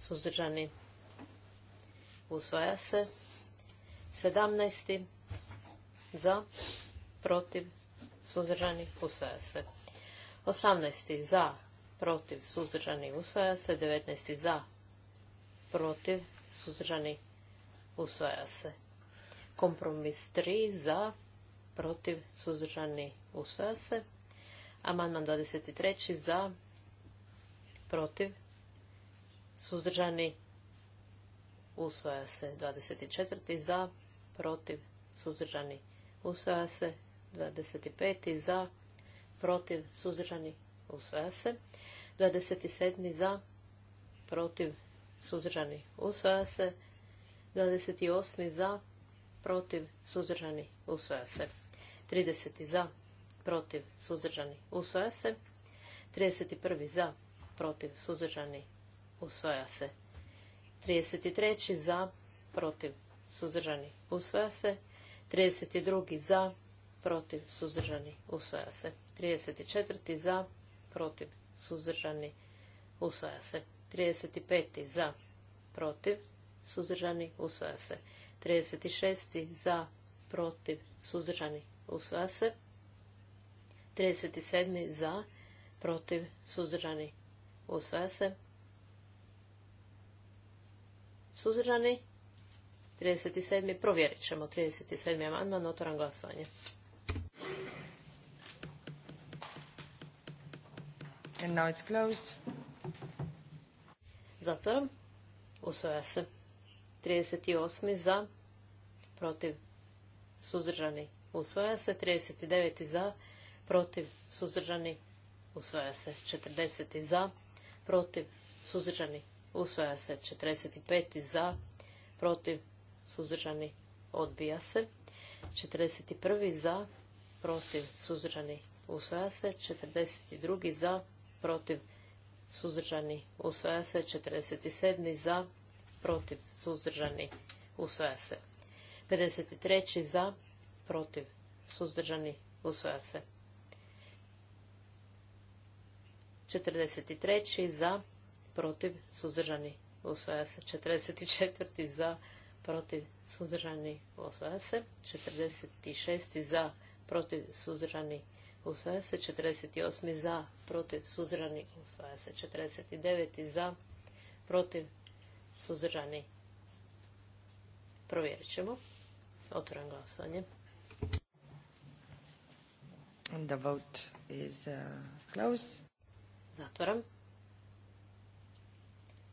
Suzdržani. Usvaja se. 17 za, protiv, suzdržani, usvaja se. 18. za, protiv, suzdržani, usvaja se. 19. za, protiv, suzdržani, usvaja se. Kompromis 3 za, protiv, suzdržani, usvaja se. Amandman 23. za, protiv, suzdržani, usvaja se. 24. za, protiv, suzdržani, usvaja usvaja se. 25. za, protiv, suzdržani, usvaja se. 27. za, protiv, suzdržani, usvaja se. 28. za, protiv, suzdržani, usvaja se. 30. za, protiv, suzdržani, usvaja se. 31. za, protiv, suzdržani, usvaja se. 33. za, protiv, suzdržani, usvaja se. 32. za, protiv, suzdržani, usvaja se. 34. za, protiv, suzdržani, usvaja se. 35. za, protiv, suzdržani, usvaja se. 36. za, protiv, suzdržani, usvaja se. 37. za, protiv, suzdržani, usvaja se. Suzdržani, 37. Provjerit ćemo 37. amandman, otvoram glasovanje. And now it's closed. Zatvoram. Usvoja se. 38. za, protiv, suzdržani. Usvoja se. 39. za, protiv, suzdržani. Usvoja se. 40. za, protiv, suzdržani. Usvoja se. 45. za, protiv, suzdržani, odbija se. 41. za, protiv, suzdržani, usvaja se. 42. za, protiv, suzdržani, usvaja se. 47. za, protiv, suzdržani, usvaja se. 53. za, protiv, suzdržani, usvaja se. 43. za, protiv, suzdržani, usvaja se. 44. za, protiv, protiv suzdržani usvaja se, 46. za protiv suzdržani usvaja se, 48. za protiv suzdržani usvaja se, 49. za protiv suzdržani provjerit ćemo. Otvoram glasovanje. And the vote is uh, closed. Zatvoram.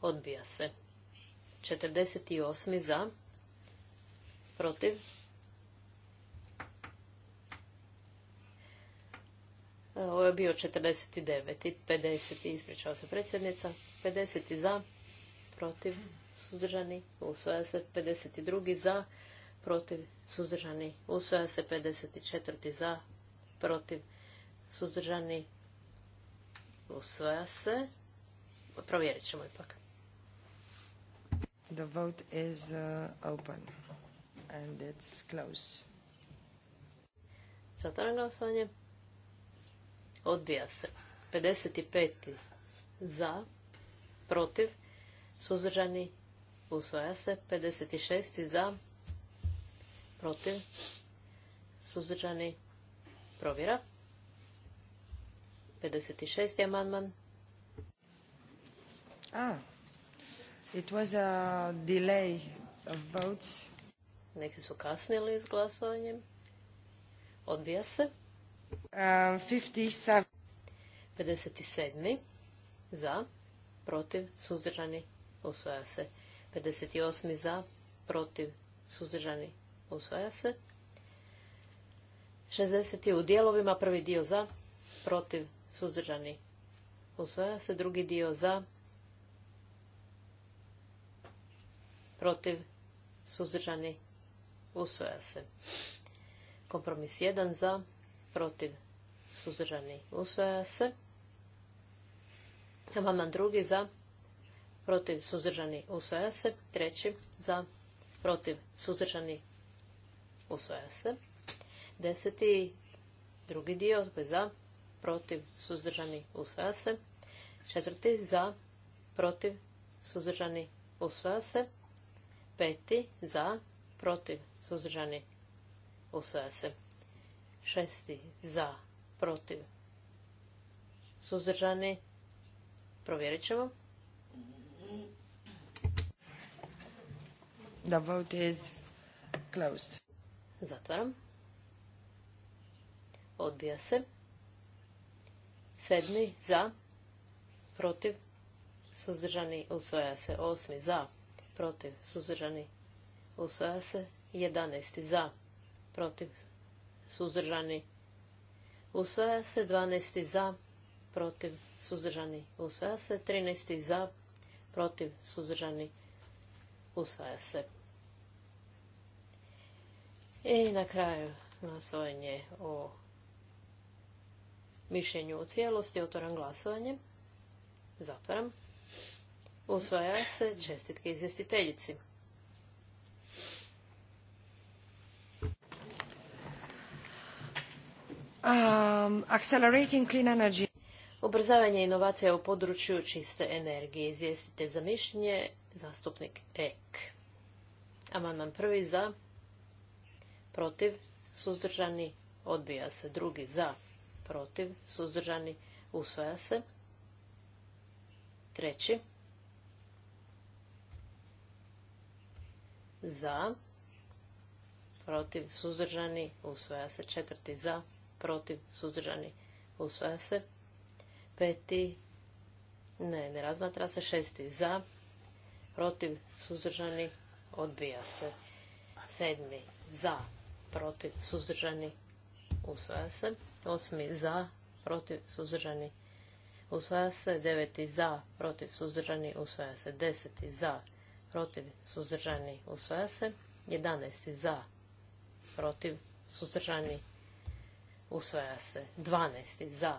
Odbija se. 48. za, Protiv. E, ovo je bio 49. 50. Ispričava se predsjednica. 50. za. Protiv. Suzdržani. Usvaja se. 52. za. Protiv. Suzdržani. Usvaja se. 54. za. Protiv. Suzdržani. Usvaja se. Provjerit ćemo ipak. The vote is uh, open and it's closed. Zatvaram glasovanje. Odbija se. 55. za, protiv, suzdržani, usvaja se. 56. za, protiv, suzdržani, provjera. 56. amandman. Ah, it was a delay of votes. Neki su kasnili s glasovanjem. Odbija se. 57. 57. Za. Protiv. Suzdržani. Usvaja se. 58. Za. Protiv. Suzdržani. Usvaja se. 60. U dijelovima. Prvi dio za. Protiv. Suzdržani. Usvaja se. Drugi dio za. Protiv. Suzdržani usvoja se. Kompromis 1 za, protiv, suzdržani, usvoja se. Amandman drugi za, protiv, suzdržani, usvoja se. Treći za, protiv, suzdržani, usvoja se. Deseti, drugi dio, za, protiv, suzdržani, usvoja se. Četvrti za, protiv, suzdržani, usvoja se. Peti za, protiv, suzdržani, usvaja se. Šesti za, protiv, suzdržani, provjerit ćemo. The vote is closed. Zatvaram. Odbija se. Sedmi za, protiv, suzdržani, usvaja se. Osmi za, protiv, suzdržani, usvaja se. 11. za, protiv, suzdržani, usvaja se. 12. za, protiv, suzdržani, usvaja se. 13. za, protiv, suzdržani, usvaja se. I na kraju glasovanje o mišljenju u cijelosti. Otvoram glasovanje. Zatvaram. Usvaja se čestitke izvjestiteljici. Um, accelerating clean energy. Ubrzavanje inovacija u području čiste energije. Izvijestite za mišljenje, zastupnik Ek. Amandman prvi za, protiv, suzdržani, odbija se. Drugi za, protiv, suzdržani, usvaja se. Treći. Za, protiv, suzdržani, usvaja se. Četvrti za, protiv, suzdržani, usvaja se. Peti, ne, ne razmatra se. Šesti, za, protiv, suzdržani, odbija se. Sedmi, za, protiv, suzdržani, usvaja se. Osmi, za, protiv, suzdržani, usvaja se. Deveti, za, protiv, suzdržani, usvaja se. Deseti, za, protiv, suzdržani, usvaja se. Jedanesti za, protiv, suzdržani, usvaja se. 12. za.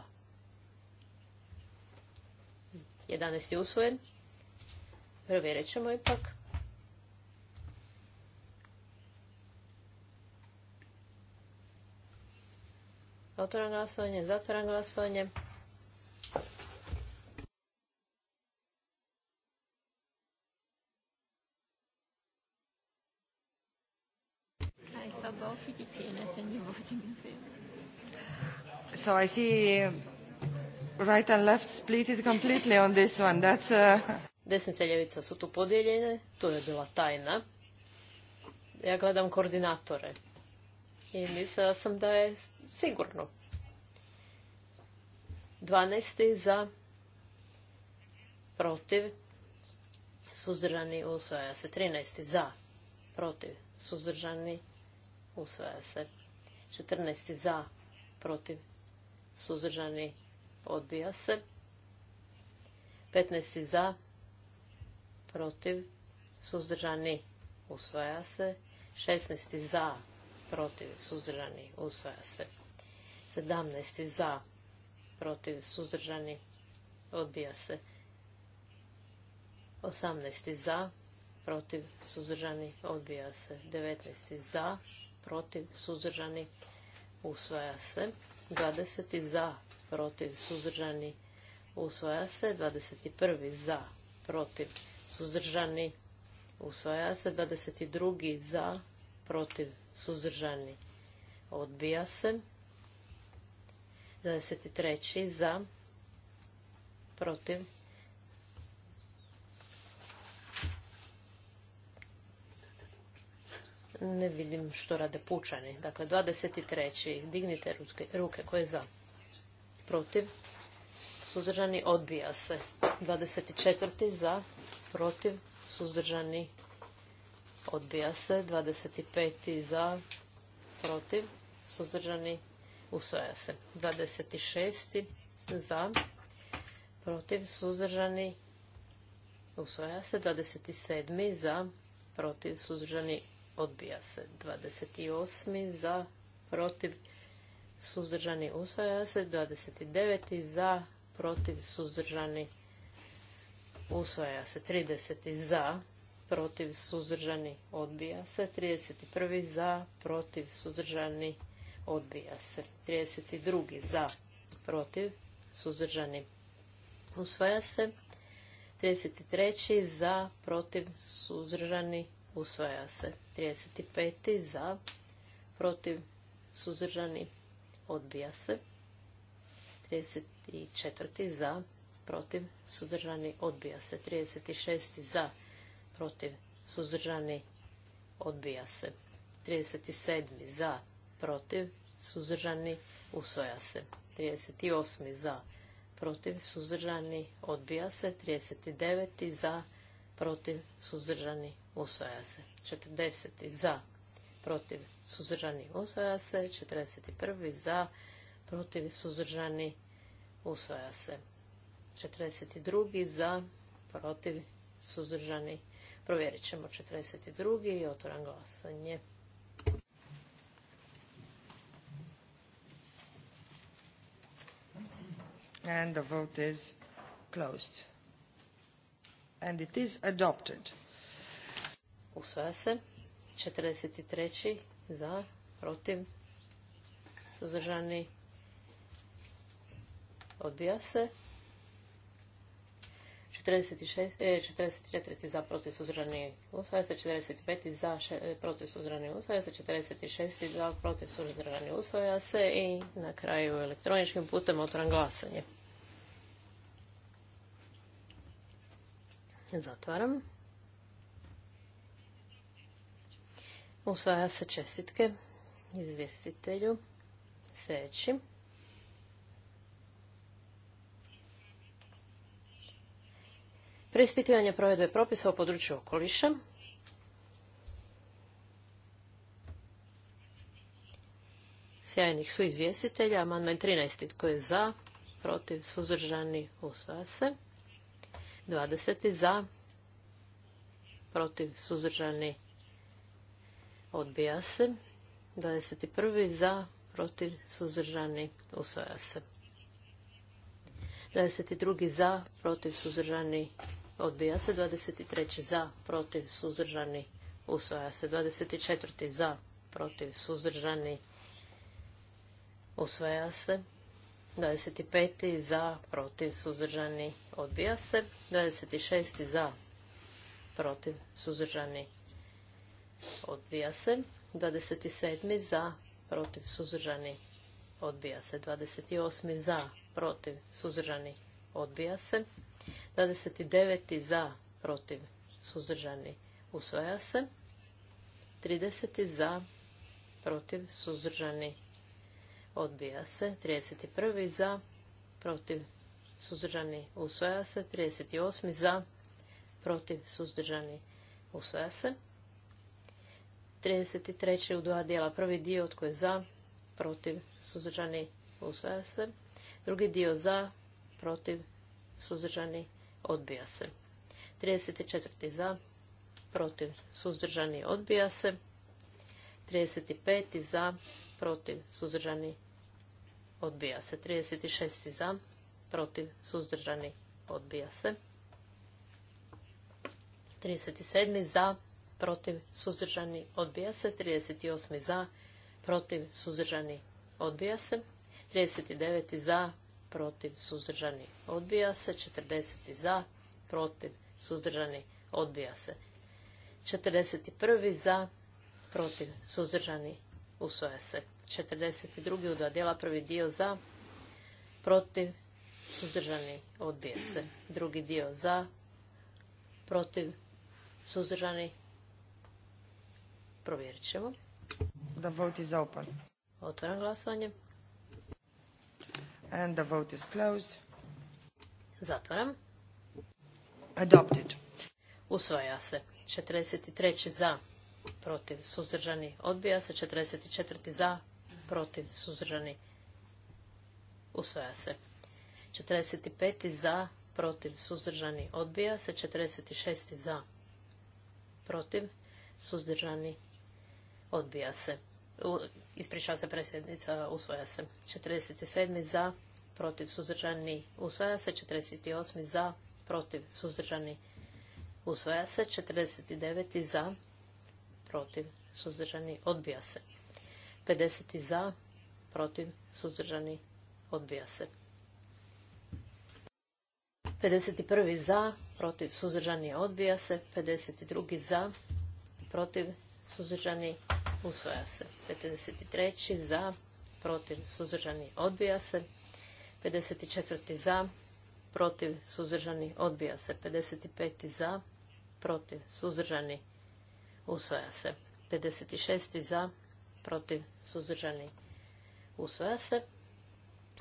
11. je usvojen. Provjerit ćemo ipak. Otvoran glasovanje, zatvoran glasovanje. so I see right and left splitted completely on this one. That's a... Uh, Desne celjevica su tu podijeljene, to je bila tajna. Ja gledam koordinatore i mislila sam da je sigurno. 12. za protiv suzdržani usvaja se. 13. za protiv suzdržani usvaja se. 14. za protiv suzdržani, odbija se. 15 za, protiv, suzdržani, usvaja se. 16 za, protiv, suzdržani, usvaja se. 17 za, protiv, suzdržani, odbija se. 18 za, protiv, suzdržani, odbija se. 19 za, protiv, suzdržani, odbija se usvaja se. 20. za, protiv, suzdržani, usvaja se. 21. za, protiv, suzdržani, usvaja se. 22. za, protiv, suzdržani, odbija se. 23. za, protiv, Ne vidim što rade pučani. Dakle, 23. Dignite ruke. koje za? Protiv? Suzdržani odbija se. 24. Za? Protiv? Suzdržani odbija se. 25. Za? Protiv? Suzdržani usvaja se. 26. Za? Protiv? Suzdržani usvaja se. 27. Za? Protiv? Suzdržani odbija se. 28. za, protiv, suzdržani, usvaja se. 29. za, protiv, suzdržani, usvaja se. 30. za, protiv, suzdržani, odbija se. 31. za, protiv, suzdržani, odbija se. 32. za, protiv, suzdržani, usvaja se. 33. za, protiv, suzdržani, usvaja se. 35. za, protiv, suzdržani, odbija se. 34. za, protiv, suzdržani, odbija se. 36. za, protiv, suzdržani, odbija se. 37. za, protiv, suzdržani, usvaja se. 38. za, protiv, suzdržani, odbija se. 39. za, protiv, suzdržani, usvaja se. 40. za, protiv, suzdržani, usvaja se. 41. za, protiv, suzdržani, usvaja se. 42. za, protiv, suzdržani, provjerit ćemo 42. i otvoram glasanje. And the vote is closed and it is adopted. Usvaja se. 43. za, protiv, suzdržani, odbija se. 44. E, za, protiv, suzdržani, usvaja se. 45. za, e, protiv, suzdržani, usvaja se. 46. za, protiv, suzdržani, usvaja se. I na kraju elektroničkim putem otvoram glasanje. Zatvaram. Usvaja se čestitke izvjestitelju. Sljedeći. Preispitivanje provedbe propisa o području okoliša. Sjajnih su izvjestitelja. Amandman 13. Tko je za? Protiv? Suzdržani? Usvaja se. 20 za, protiv, suzdržani, odbija se. 21 za, protiv, suzdržani, usvaja se. 22 za, protiv, suzdržani, odbija se. 23 za, protiv, suzdržani, usvaja se. 24 za, protiv, suzdržani, usvaja se. 25 za, protiv, suzdržani, odbija se. 26. za, protiv, suzdržani, odbija se. 27. za, protiv, suzdržani, odbija se. 28. za, protiv, suzdržani, odbija se. 29. za, protiv, suzdržani, usvaja se. 30. za, protiv, suzdržani, odbija se. 31. za, protiv, suzdržani, usvaja se. 38. za, protiv, suzdržani, usvaja se. 33. u dva dijela. Prvi dio od je za, protiv, suzdržani, usvaja se. Drugi dio za, protiv, suzdržani, odbija se. 34. za, protiv, suzdržani, odbija se. 35. za, protiv, suzdržani, odbija se. 36. za, protiv, suzdržani, odbija se. 37. za, protiv, suzdržani, odbija se. 38. za, protiv, suzdržani, odbija se. 39. za, protiv, suzdržani, odbija se. 40. za, protiv, suzdržani, odbija se. 41. za, protiv, suzdržani, usvoja se. 42. u dva dijela, prvi dio za, protiv, suzdržani, odbije se. Drugi dio za, protiv, suzdržani, provjerit ćemo. The vote is open. Otvaram glasovanje. And the vote is closed. Zatvaram. Adopted. Usvaja se. 43. za, protiv, suzdržani, odbija se. 44. za, protiv, suzdržani, usvaja se. 45. za, protiv, suzdržani, odbija se. 46. za, protiv, suzdržani, odbija se. Ispričava se predsjednica, usvoja se. 47. za, protiv, suzdržani, usvoja se. 48. za, protiv, suzdržani, usvoja se. 49. za, protiv, suzdržani, odbija se. 50. za, protiv, suzdržani, odbija se. 51. za, protiv, suzdržani, odbija se. 52. za, protiv, suzdržani, usvoja se. 53. za, protiv, suzdržani, odbija se. 54. za, protiv, suzdržani, odbija se. 55. za, protiv, suzdržani, usvoja se. 56. za, protiv, suzdržani, usvoja se.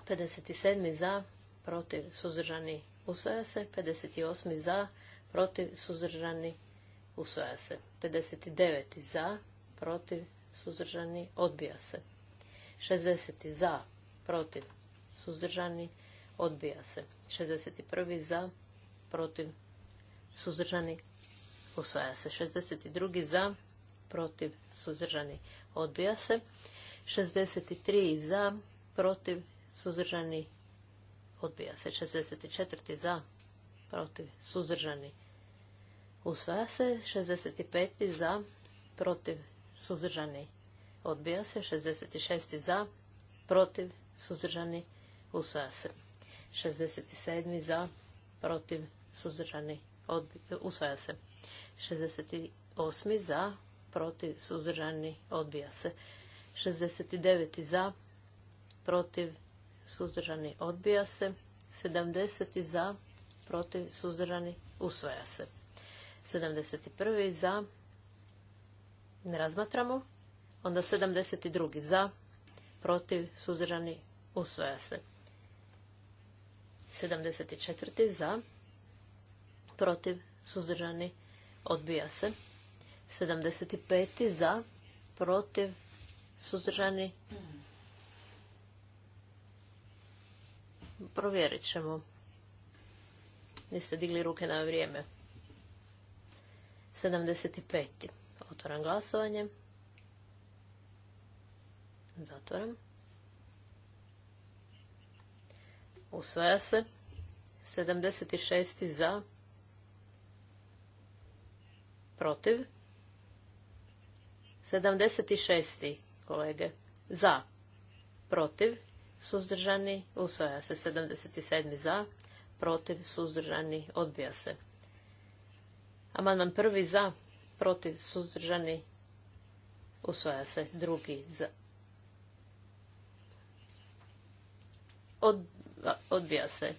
57. za, protiv, suzdržani, usvaja se. 58. za, protiv, suzdržani, usvaja se. 59. za, protiv, suzdržani, odbija se. 60. za, protiv, suzdržani, odbija se. 61. za, protiv, suzdržani, usvaja se. 62. za, protiv, suzdržani, odbija se. 63. za, protiv, suzdržani, odbija se 64. za, protiv, suzdržani, usvaja se 65. za, protiv, suzdržani, odbija se 66. za, protiv, suzdržani, usvaja se 67. za, protiv, suzdržani, odbija, usvaja se 68. za, protiv, suzdržani, odbija se 69. za, protiv, suzdržani, odbija se. 70. za, protiv, suzdržani, usvaja se. 71. za, ne razmatramo. Onda 72. za, protiv, suzdržani, usvaja se. 74. za, protiv, suzdržani, odbija se. 75. za, protiv, suzdržani, Provjerit ćemo. Niste digli ruke na vrijeme. 75. Otvoram glasovanje. Zatvoram. Usvaja se. 76. za. Protiv. 76. kolege. Za. Protiv suzdržani, usvaja se 77. za, protiv, suzdržani, odbija se. Amandman prvi za, protiv, suzdržani, usvaja se drugi za. Od, odbija se.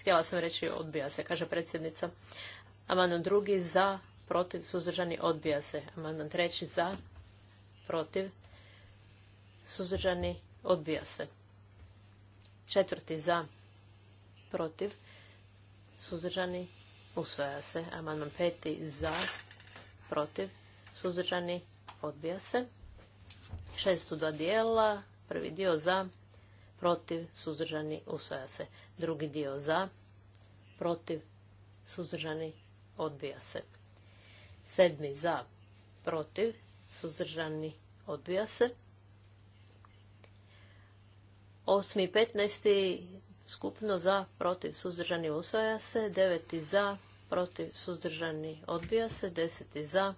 Htjela sam reći odbija se, kaže predsjednica. Amandman drugi za, protiv, suzdržani, odbija se. Amandman treći za, protiv, suzdržani, odbija se. Četvrti za, protiv, suzdržani, usvaja se. Amandman peti za, protiv, suzdržani, odbija se. Šest dva dijela, prvi dio za, protiv, suzdržani, usvaja se. Drugi dio za, protiv, suzdržani, odbija se. Sedmi za, protiv, suzdržani, odbija se. 8. 15. skupno za, protiv, suzdržani, usvaja se. 9. za, protiv, suzdržani, odbija se. 10. za,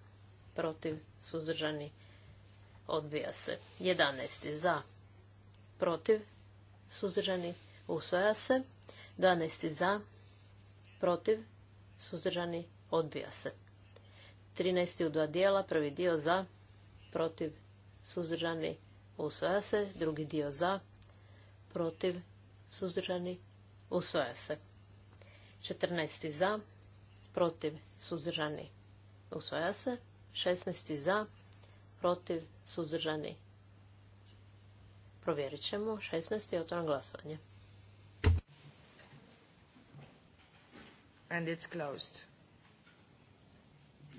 protiv, suzdržani, odbija se. 11. za, protiv, suzdržani, usvaja se. 12. za, protiv, suzdržani, odbija se. 13. u dva dijela, prvi dio za, protiv, suzdržani, usvaja se. Drugi dio za, protiv, suzdržani, usvoja se. 14. za, protiv, suzdržani, usvoja se. 16. za, protiv, suzdržani. Provjerit ćemo. 16. otvoran glasovanje. And it's closed.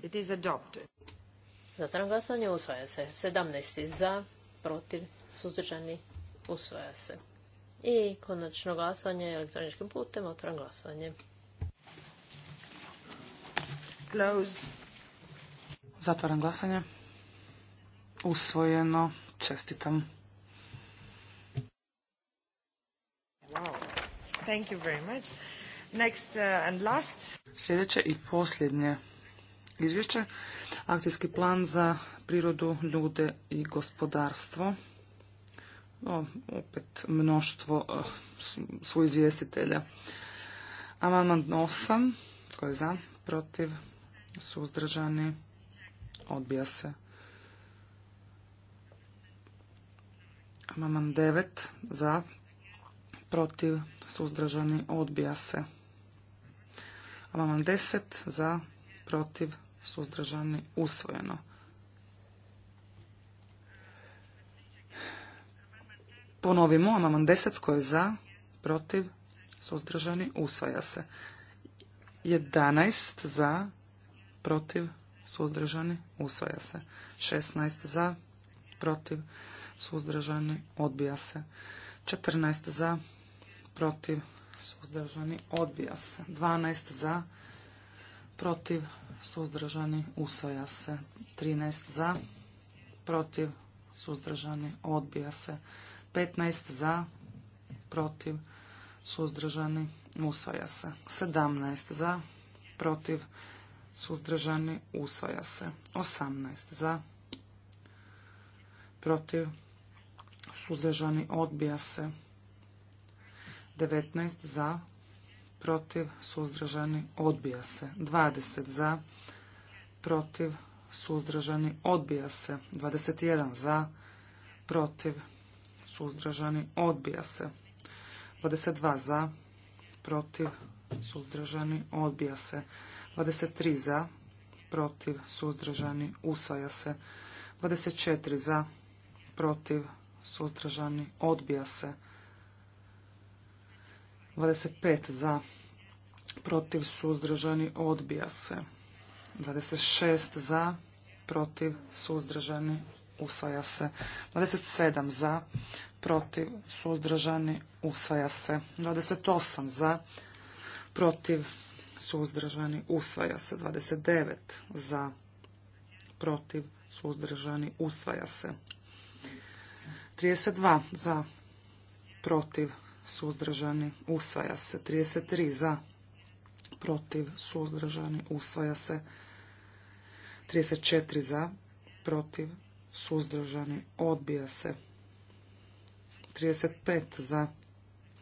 It is adopted. glasovanje usvoja se. 17. za, protiv, suzdržani, usvoja se. I konačno glasanje elektroničkim putem, otvoram glasanje. Close. Zatvaram glasanje. Usvojeno. Čestitam. Wow. Thank you very much. Next uh, and last. Sljedeće i posljednje izvješće. Akcijski plan za prirodu, ljude i gospodarstvo. No, opet mnoštvo e, su izvjestitelja. Amandman 8. Tko je za? Protiv? Suzdržani? Odbija se. Amandman 9. Za? Protiv? Suzdržani? Odbija se. Amandman 10. Za? Protiv? Suzdržani? Usvojeno. Ponovimo, amandman 10 koji je za, protiv, suzdržani, usvaja se. 11 za, protiv, suzdržani, usvaja se. 16 za, protiv, suzdržani, odbija se. 14 za, protiv, suzdržani, odbija se. 12 za, protiv, suzdržani, usvaja se. 13 za, protiv, suzdržani, odbija se. 15 za, protiv, suzdržani, usvaja se. 17 za, protiv, suzdržani, usvaja se. 18 za, protiv, suzdržani, odbija se. 19 za, protiv, suzdržani, odbija se. 20 za, protiv, suzdržani, odbija se. 21 za, protiv, suzdržani, odbija se. 22 za, protiv, suzdržani, odbija se. 23 za, protiv, suzdržani, usvaja se. 24 za, protiv, suzdržani, odbija se. 25 za, protiv, suzdržani, odbija se. 26 za, protiv, suzdržani, usvaja se. 27 za, protiv, suzdržani, usvaja se. 28 za, protiv, suzdržani, usvaja se. 29 za, protiv, suzdržani, usvaja se. 32 za, protiv, suzdržani, usvaja se. 33 za, protiv, suzdržani, usvaja se. 34 za, protiv, suzdržani, odbija se. 35 za,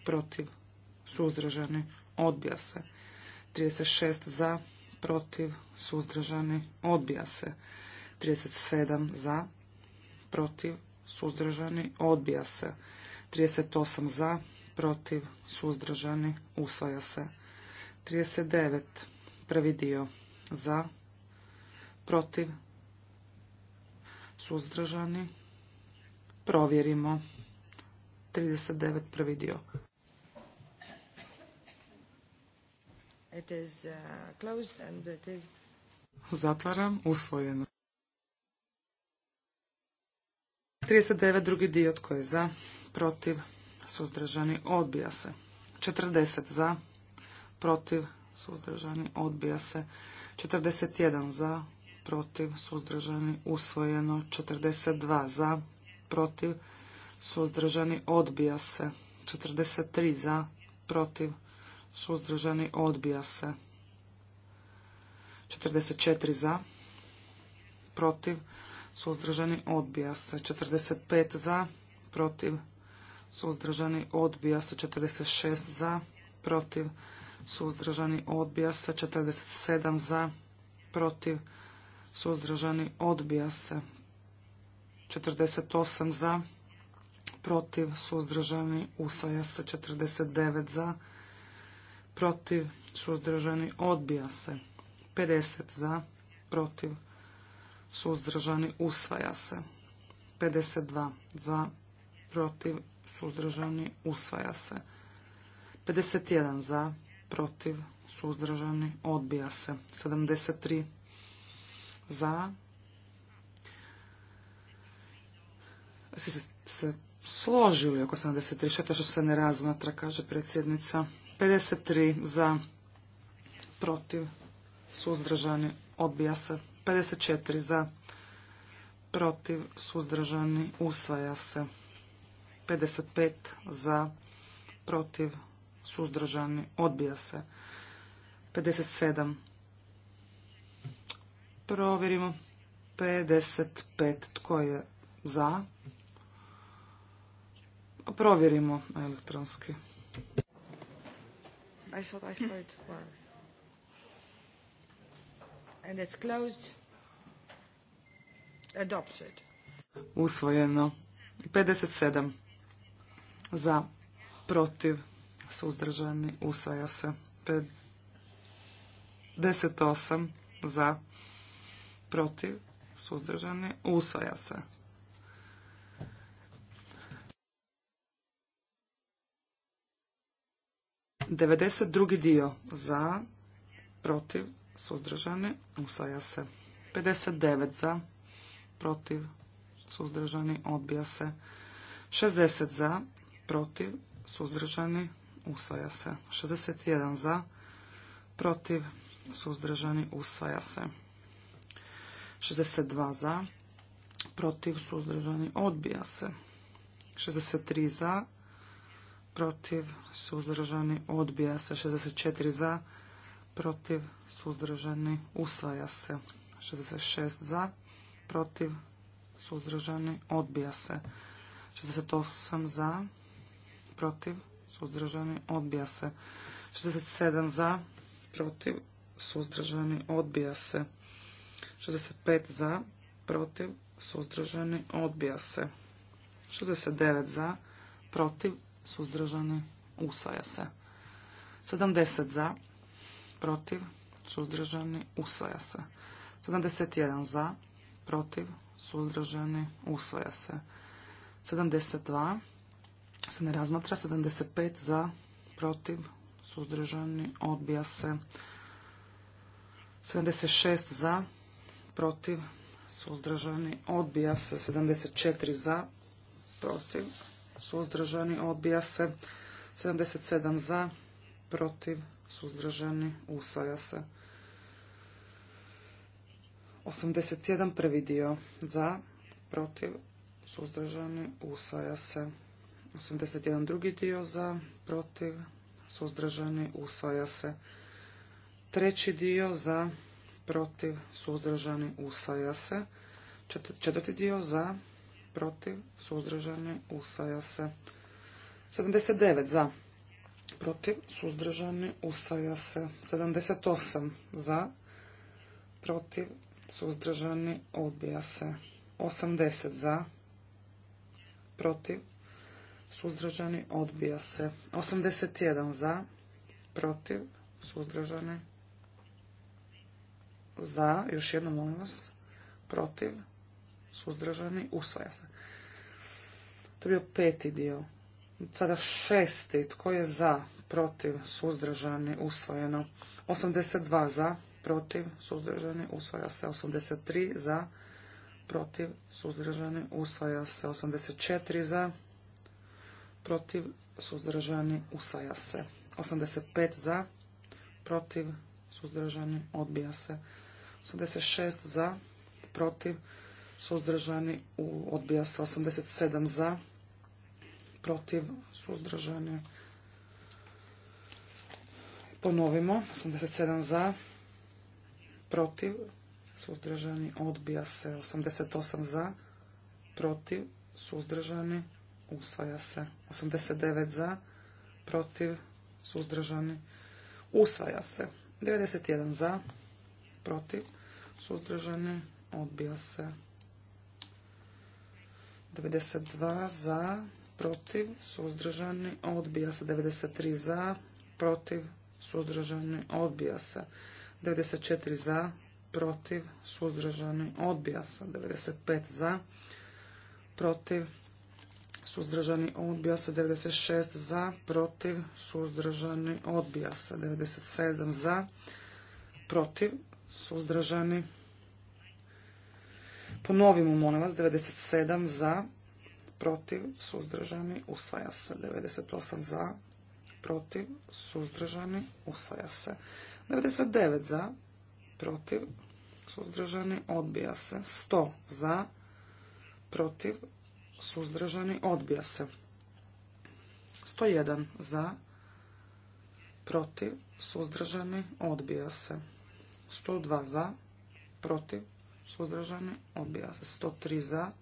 protiv, suzdržani, odbija se. 36 za, protiv, suzdržani, odbija se. 37 za, protiv, suzdržani, odbija se. 38 za, protiv, suzdržani, usvaja se. 39 prvi dio za, protiv, suzdržani. Provjerimo. 39 prvi dio. It is uh, closed and it is... Zatvaram, usvojeno. 39 drugi dio, tko je za, protiv, suzdržani, odbija se. 40 za, protiv, suzdržani, odbija se. 41 za, protiv, suzdržani, usvojeno. 42 za, protiv, suzdržani, odbija se. 43 za, protiv, suzdržani, odbija se. 44 za, protiv, suzdržani, odbija se. 45 za, protiv, suzdržani, odbija se. 46 za, protiv, suzdržani, odbija se. 47 za, protiv, suzdržani, odbija se. 48 za, protiv, suzdržani, usvaja se. 49 za, protiv, suzdržani, odbija se. 50 za, protiv, suzdržani, usvaja se. 52 za, protiv, suzdržani, usvaja se. 51 za, protiv, suzdržani, odbija se. 73 za. Svi se, složili oko 73, to što se ne razmatra, kaže predsjednica. 53 za, protiv, suzdržani, odbija se. 54 za, protiv, suzdržani, usvaja se. 55 za, protiv, suzdržani, odbija se. 57 Provjerimo 55. Tko je za? Provjerimo elektronski. I thought I saw it. Well. And it's closed. Adopted. Usvojeno. 57. Za. Protiv. Suzdržani. Usvaja se. 58. Za protiv, suzdržani, usvaja se. Devedeset drugi dio za, protiv, suzdržani, usvaja se. 59 za, protiv, suzdržani, odbija se. 60 za, protiv, suzdržani, usvaja se. 61 za, protiv, suzdržani, usvaja se. 62 za, protiv, suzdržani, odbija se. 63 za, protiv, suzdržani, odbija se. 64 za, protiv, suzdržani, usvaja se. 66 za, protiv, suzdržani, odbija se. 68 za, protiv, suzdržani, odbija se. 67 za, protiv, suzdržani, odbija se. 65 za, protiv, suzdržani, odbija se. 69 za, protiv, suzdržani, usvaja se. 70 za, protiv, suzdržani, usvaja se. 71 za, protiv, suzdržani, usvaja se. 72 se ne razmatra, 75 za, protiv, suzdržani, odbija se. 76 za, protiv, suzdržani, odbija se. 74 za, protiv, suzdržani, odbija se. 77 za, protiv, suzdržani, usvaja se. 81 prvi dio za, protiv, suzdržani, usvaja se. 81 drugi dio za, protiv, suzdržani, usvaja se. Treći dio za, protiv, suzdržani, usaja se. Četvrti dio za, protiv, suzdržani, usaja se. 79 za, protiv, suzdržani, usaja se. 78 za, protiv, suzdržani, odbija se. 80 za, protiv, suzdržani, odbija se. 81 za, protiv, suzdržani, za, još jednom molim vas, protiv, suzdržani, usvaja se. To je bio peti dio. Sada šesti, tko je za, protiv, suzdržani, usvojeno. 82 za, protiv, suzdržani, usvaja se. 83 za, protiv, suzdržani, usvaja se. 84 za, protiv, suzdržani, usvaja se. 85 za, protiv, suzdržani, odbija se. 86 za, protiv, suzdržani, odbija se 87 za, protiv, suzdržani. Ponovimo, 87 za, protiv, suzdržani, odbija se 88 za, protiv, suzdržani, usvaja se 89 za, protiv, suzdržani, usvaja se 91 za, protiv, suzdržani, odbija se. 92 za, protiv, suzdržani, odbija se. 93 za, protiv, suzdržani, odbija se. 94 za, protiv, suzdržani, odbija se. 95 za, protiv, suzdržani, odbija se. 96 za, protiv, suzdržani, odbija se. 97 za, protiv, suzdržani. Ponovimo, molim vas, 97 za, protiv, suzdržani, usvaja se. 98 za, protiv, suzdržani, usvaja se. 99 za, protiv, suzdržani, odbija se. 100 za, protiv, suzdržani, odbija se. 101 za, protiv, suzdržani, odbija se. 102 za, protiv, suzdržani, odbija se. 103 za,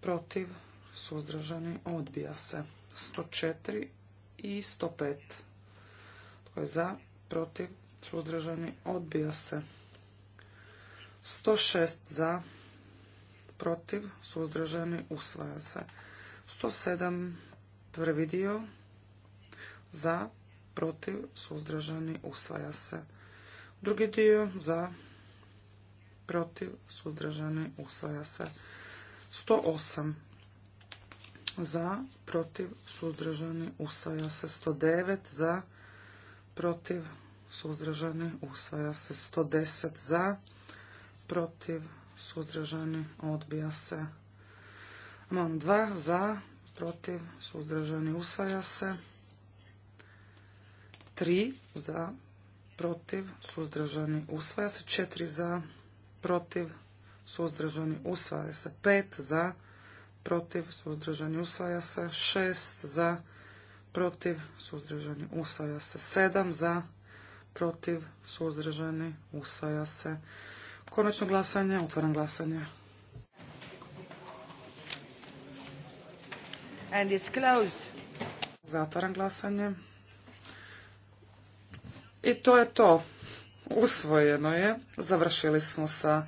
protiv, suzdržani, odbija se. 104 i 105. Tko je za, protiv, suzdržani, odbija se. 106 za, protiv, suzdržani, usvaja se. 107 prvi dio, za, protiv, suzdržani, usvaja se. Drugi dio za, protiv, suzdržani, usvaja se. 108 za, protiv, suzdržani, usvaja se. 109 za, protiv, suzdržani, usvaja se. 110 za, protiv, suzdržani, odbija se. Imam 2 za, protiv, suzdržani, usvaja se. 3 za, protiv, suzdržani, usvaja se Četiri za, protiv, suzdržani, usvaja se Pet za, protiv, suzdržani, usvaja se Šest za, protiv, suzdržani, usvaja se Sedam za, protiv, suzdržani, usvaja se. Konačno glasanje, otvaram glasanje. And it's closed. Zatvaram glasanje. I to je to. Usvojeno je. Završili smo sa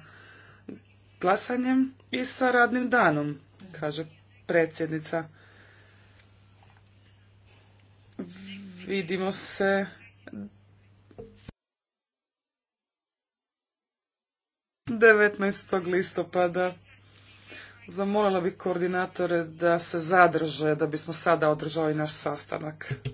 glasanjem i sa radnim danom, kaže predsjednica. Vidimo se devetnaest listopada zamolila bih koordinatore da se zadrže da bismo sada održali naš sastanak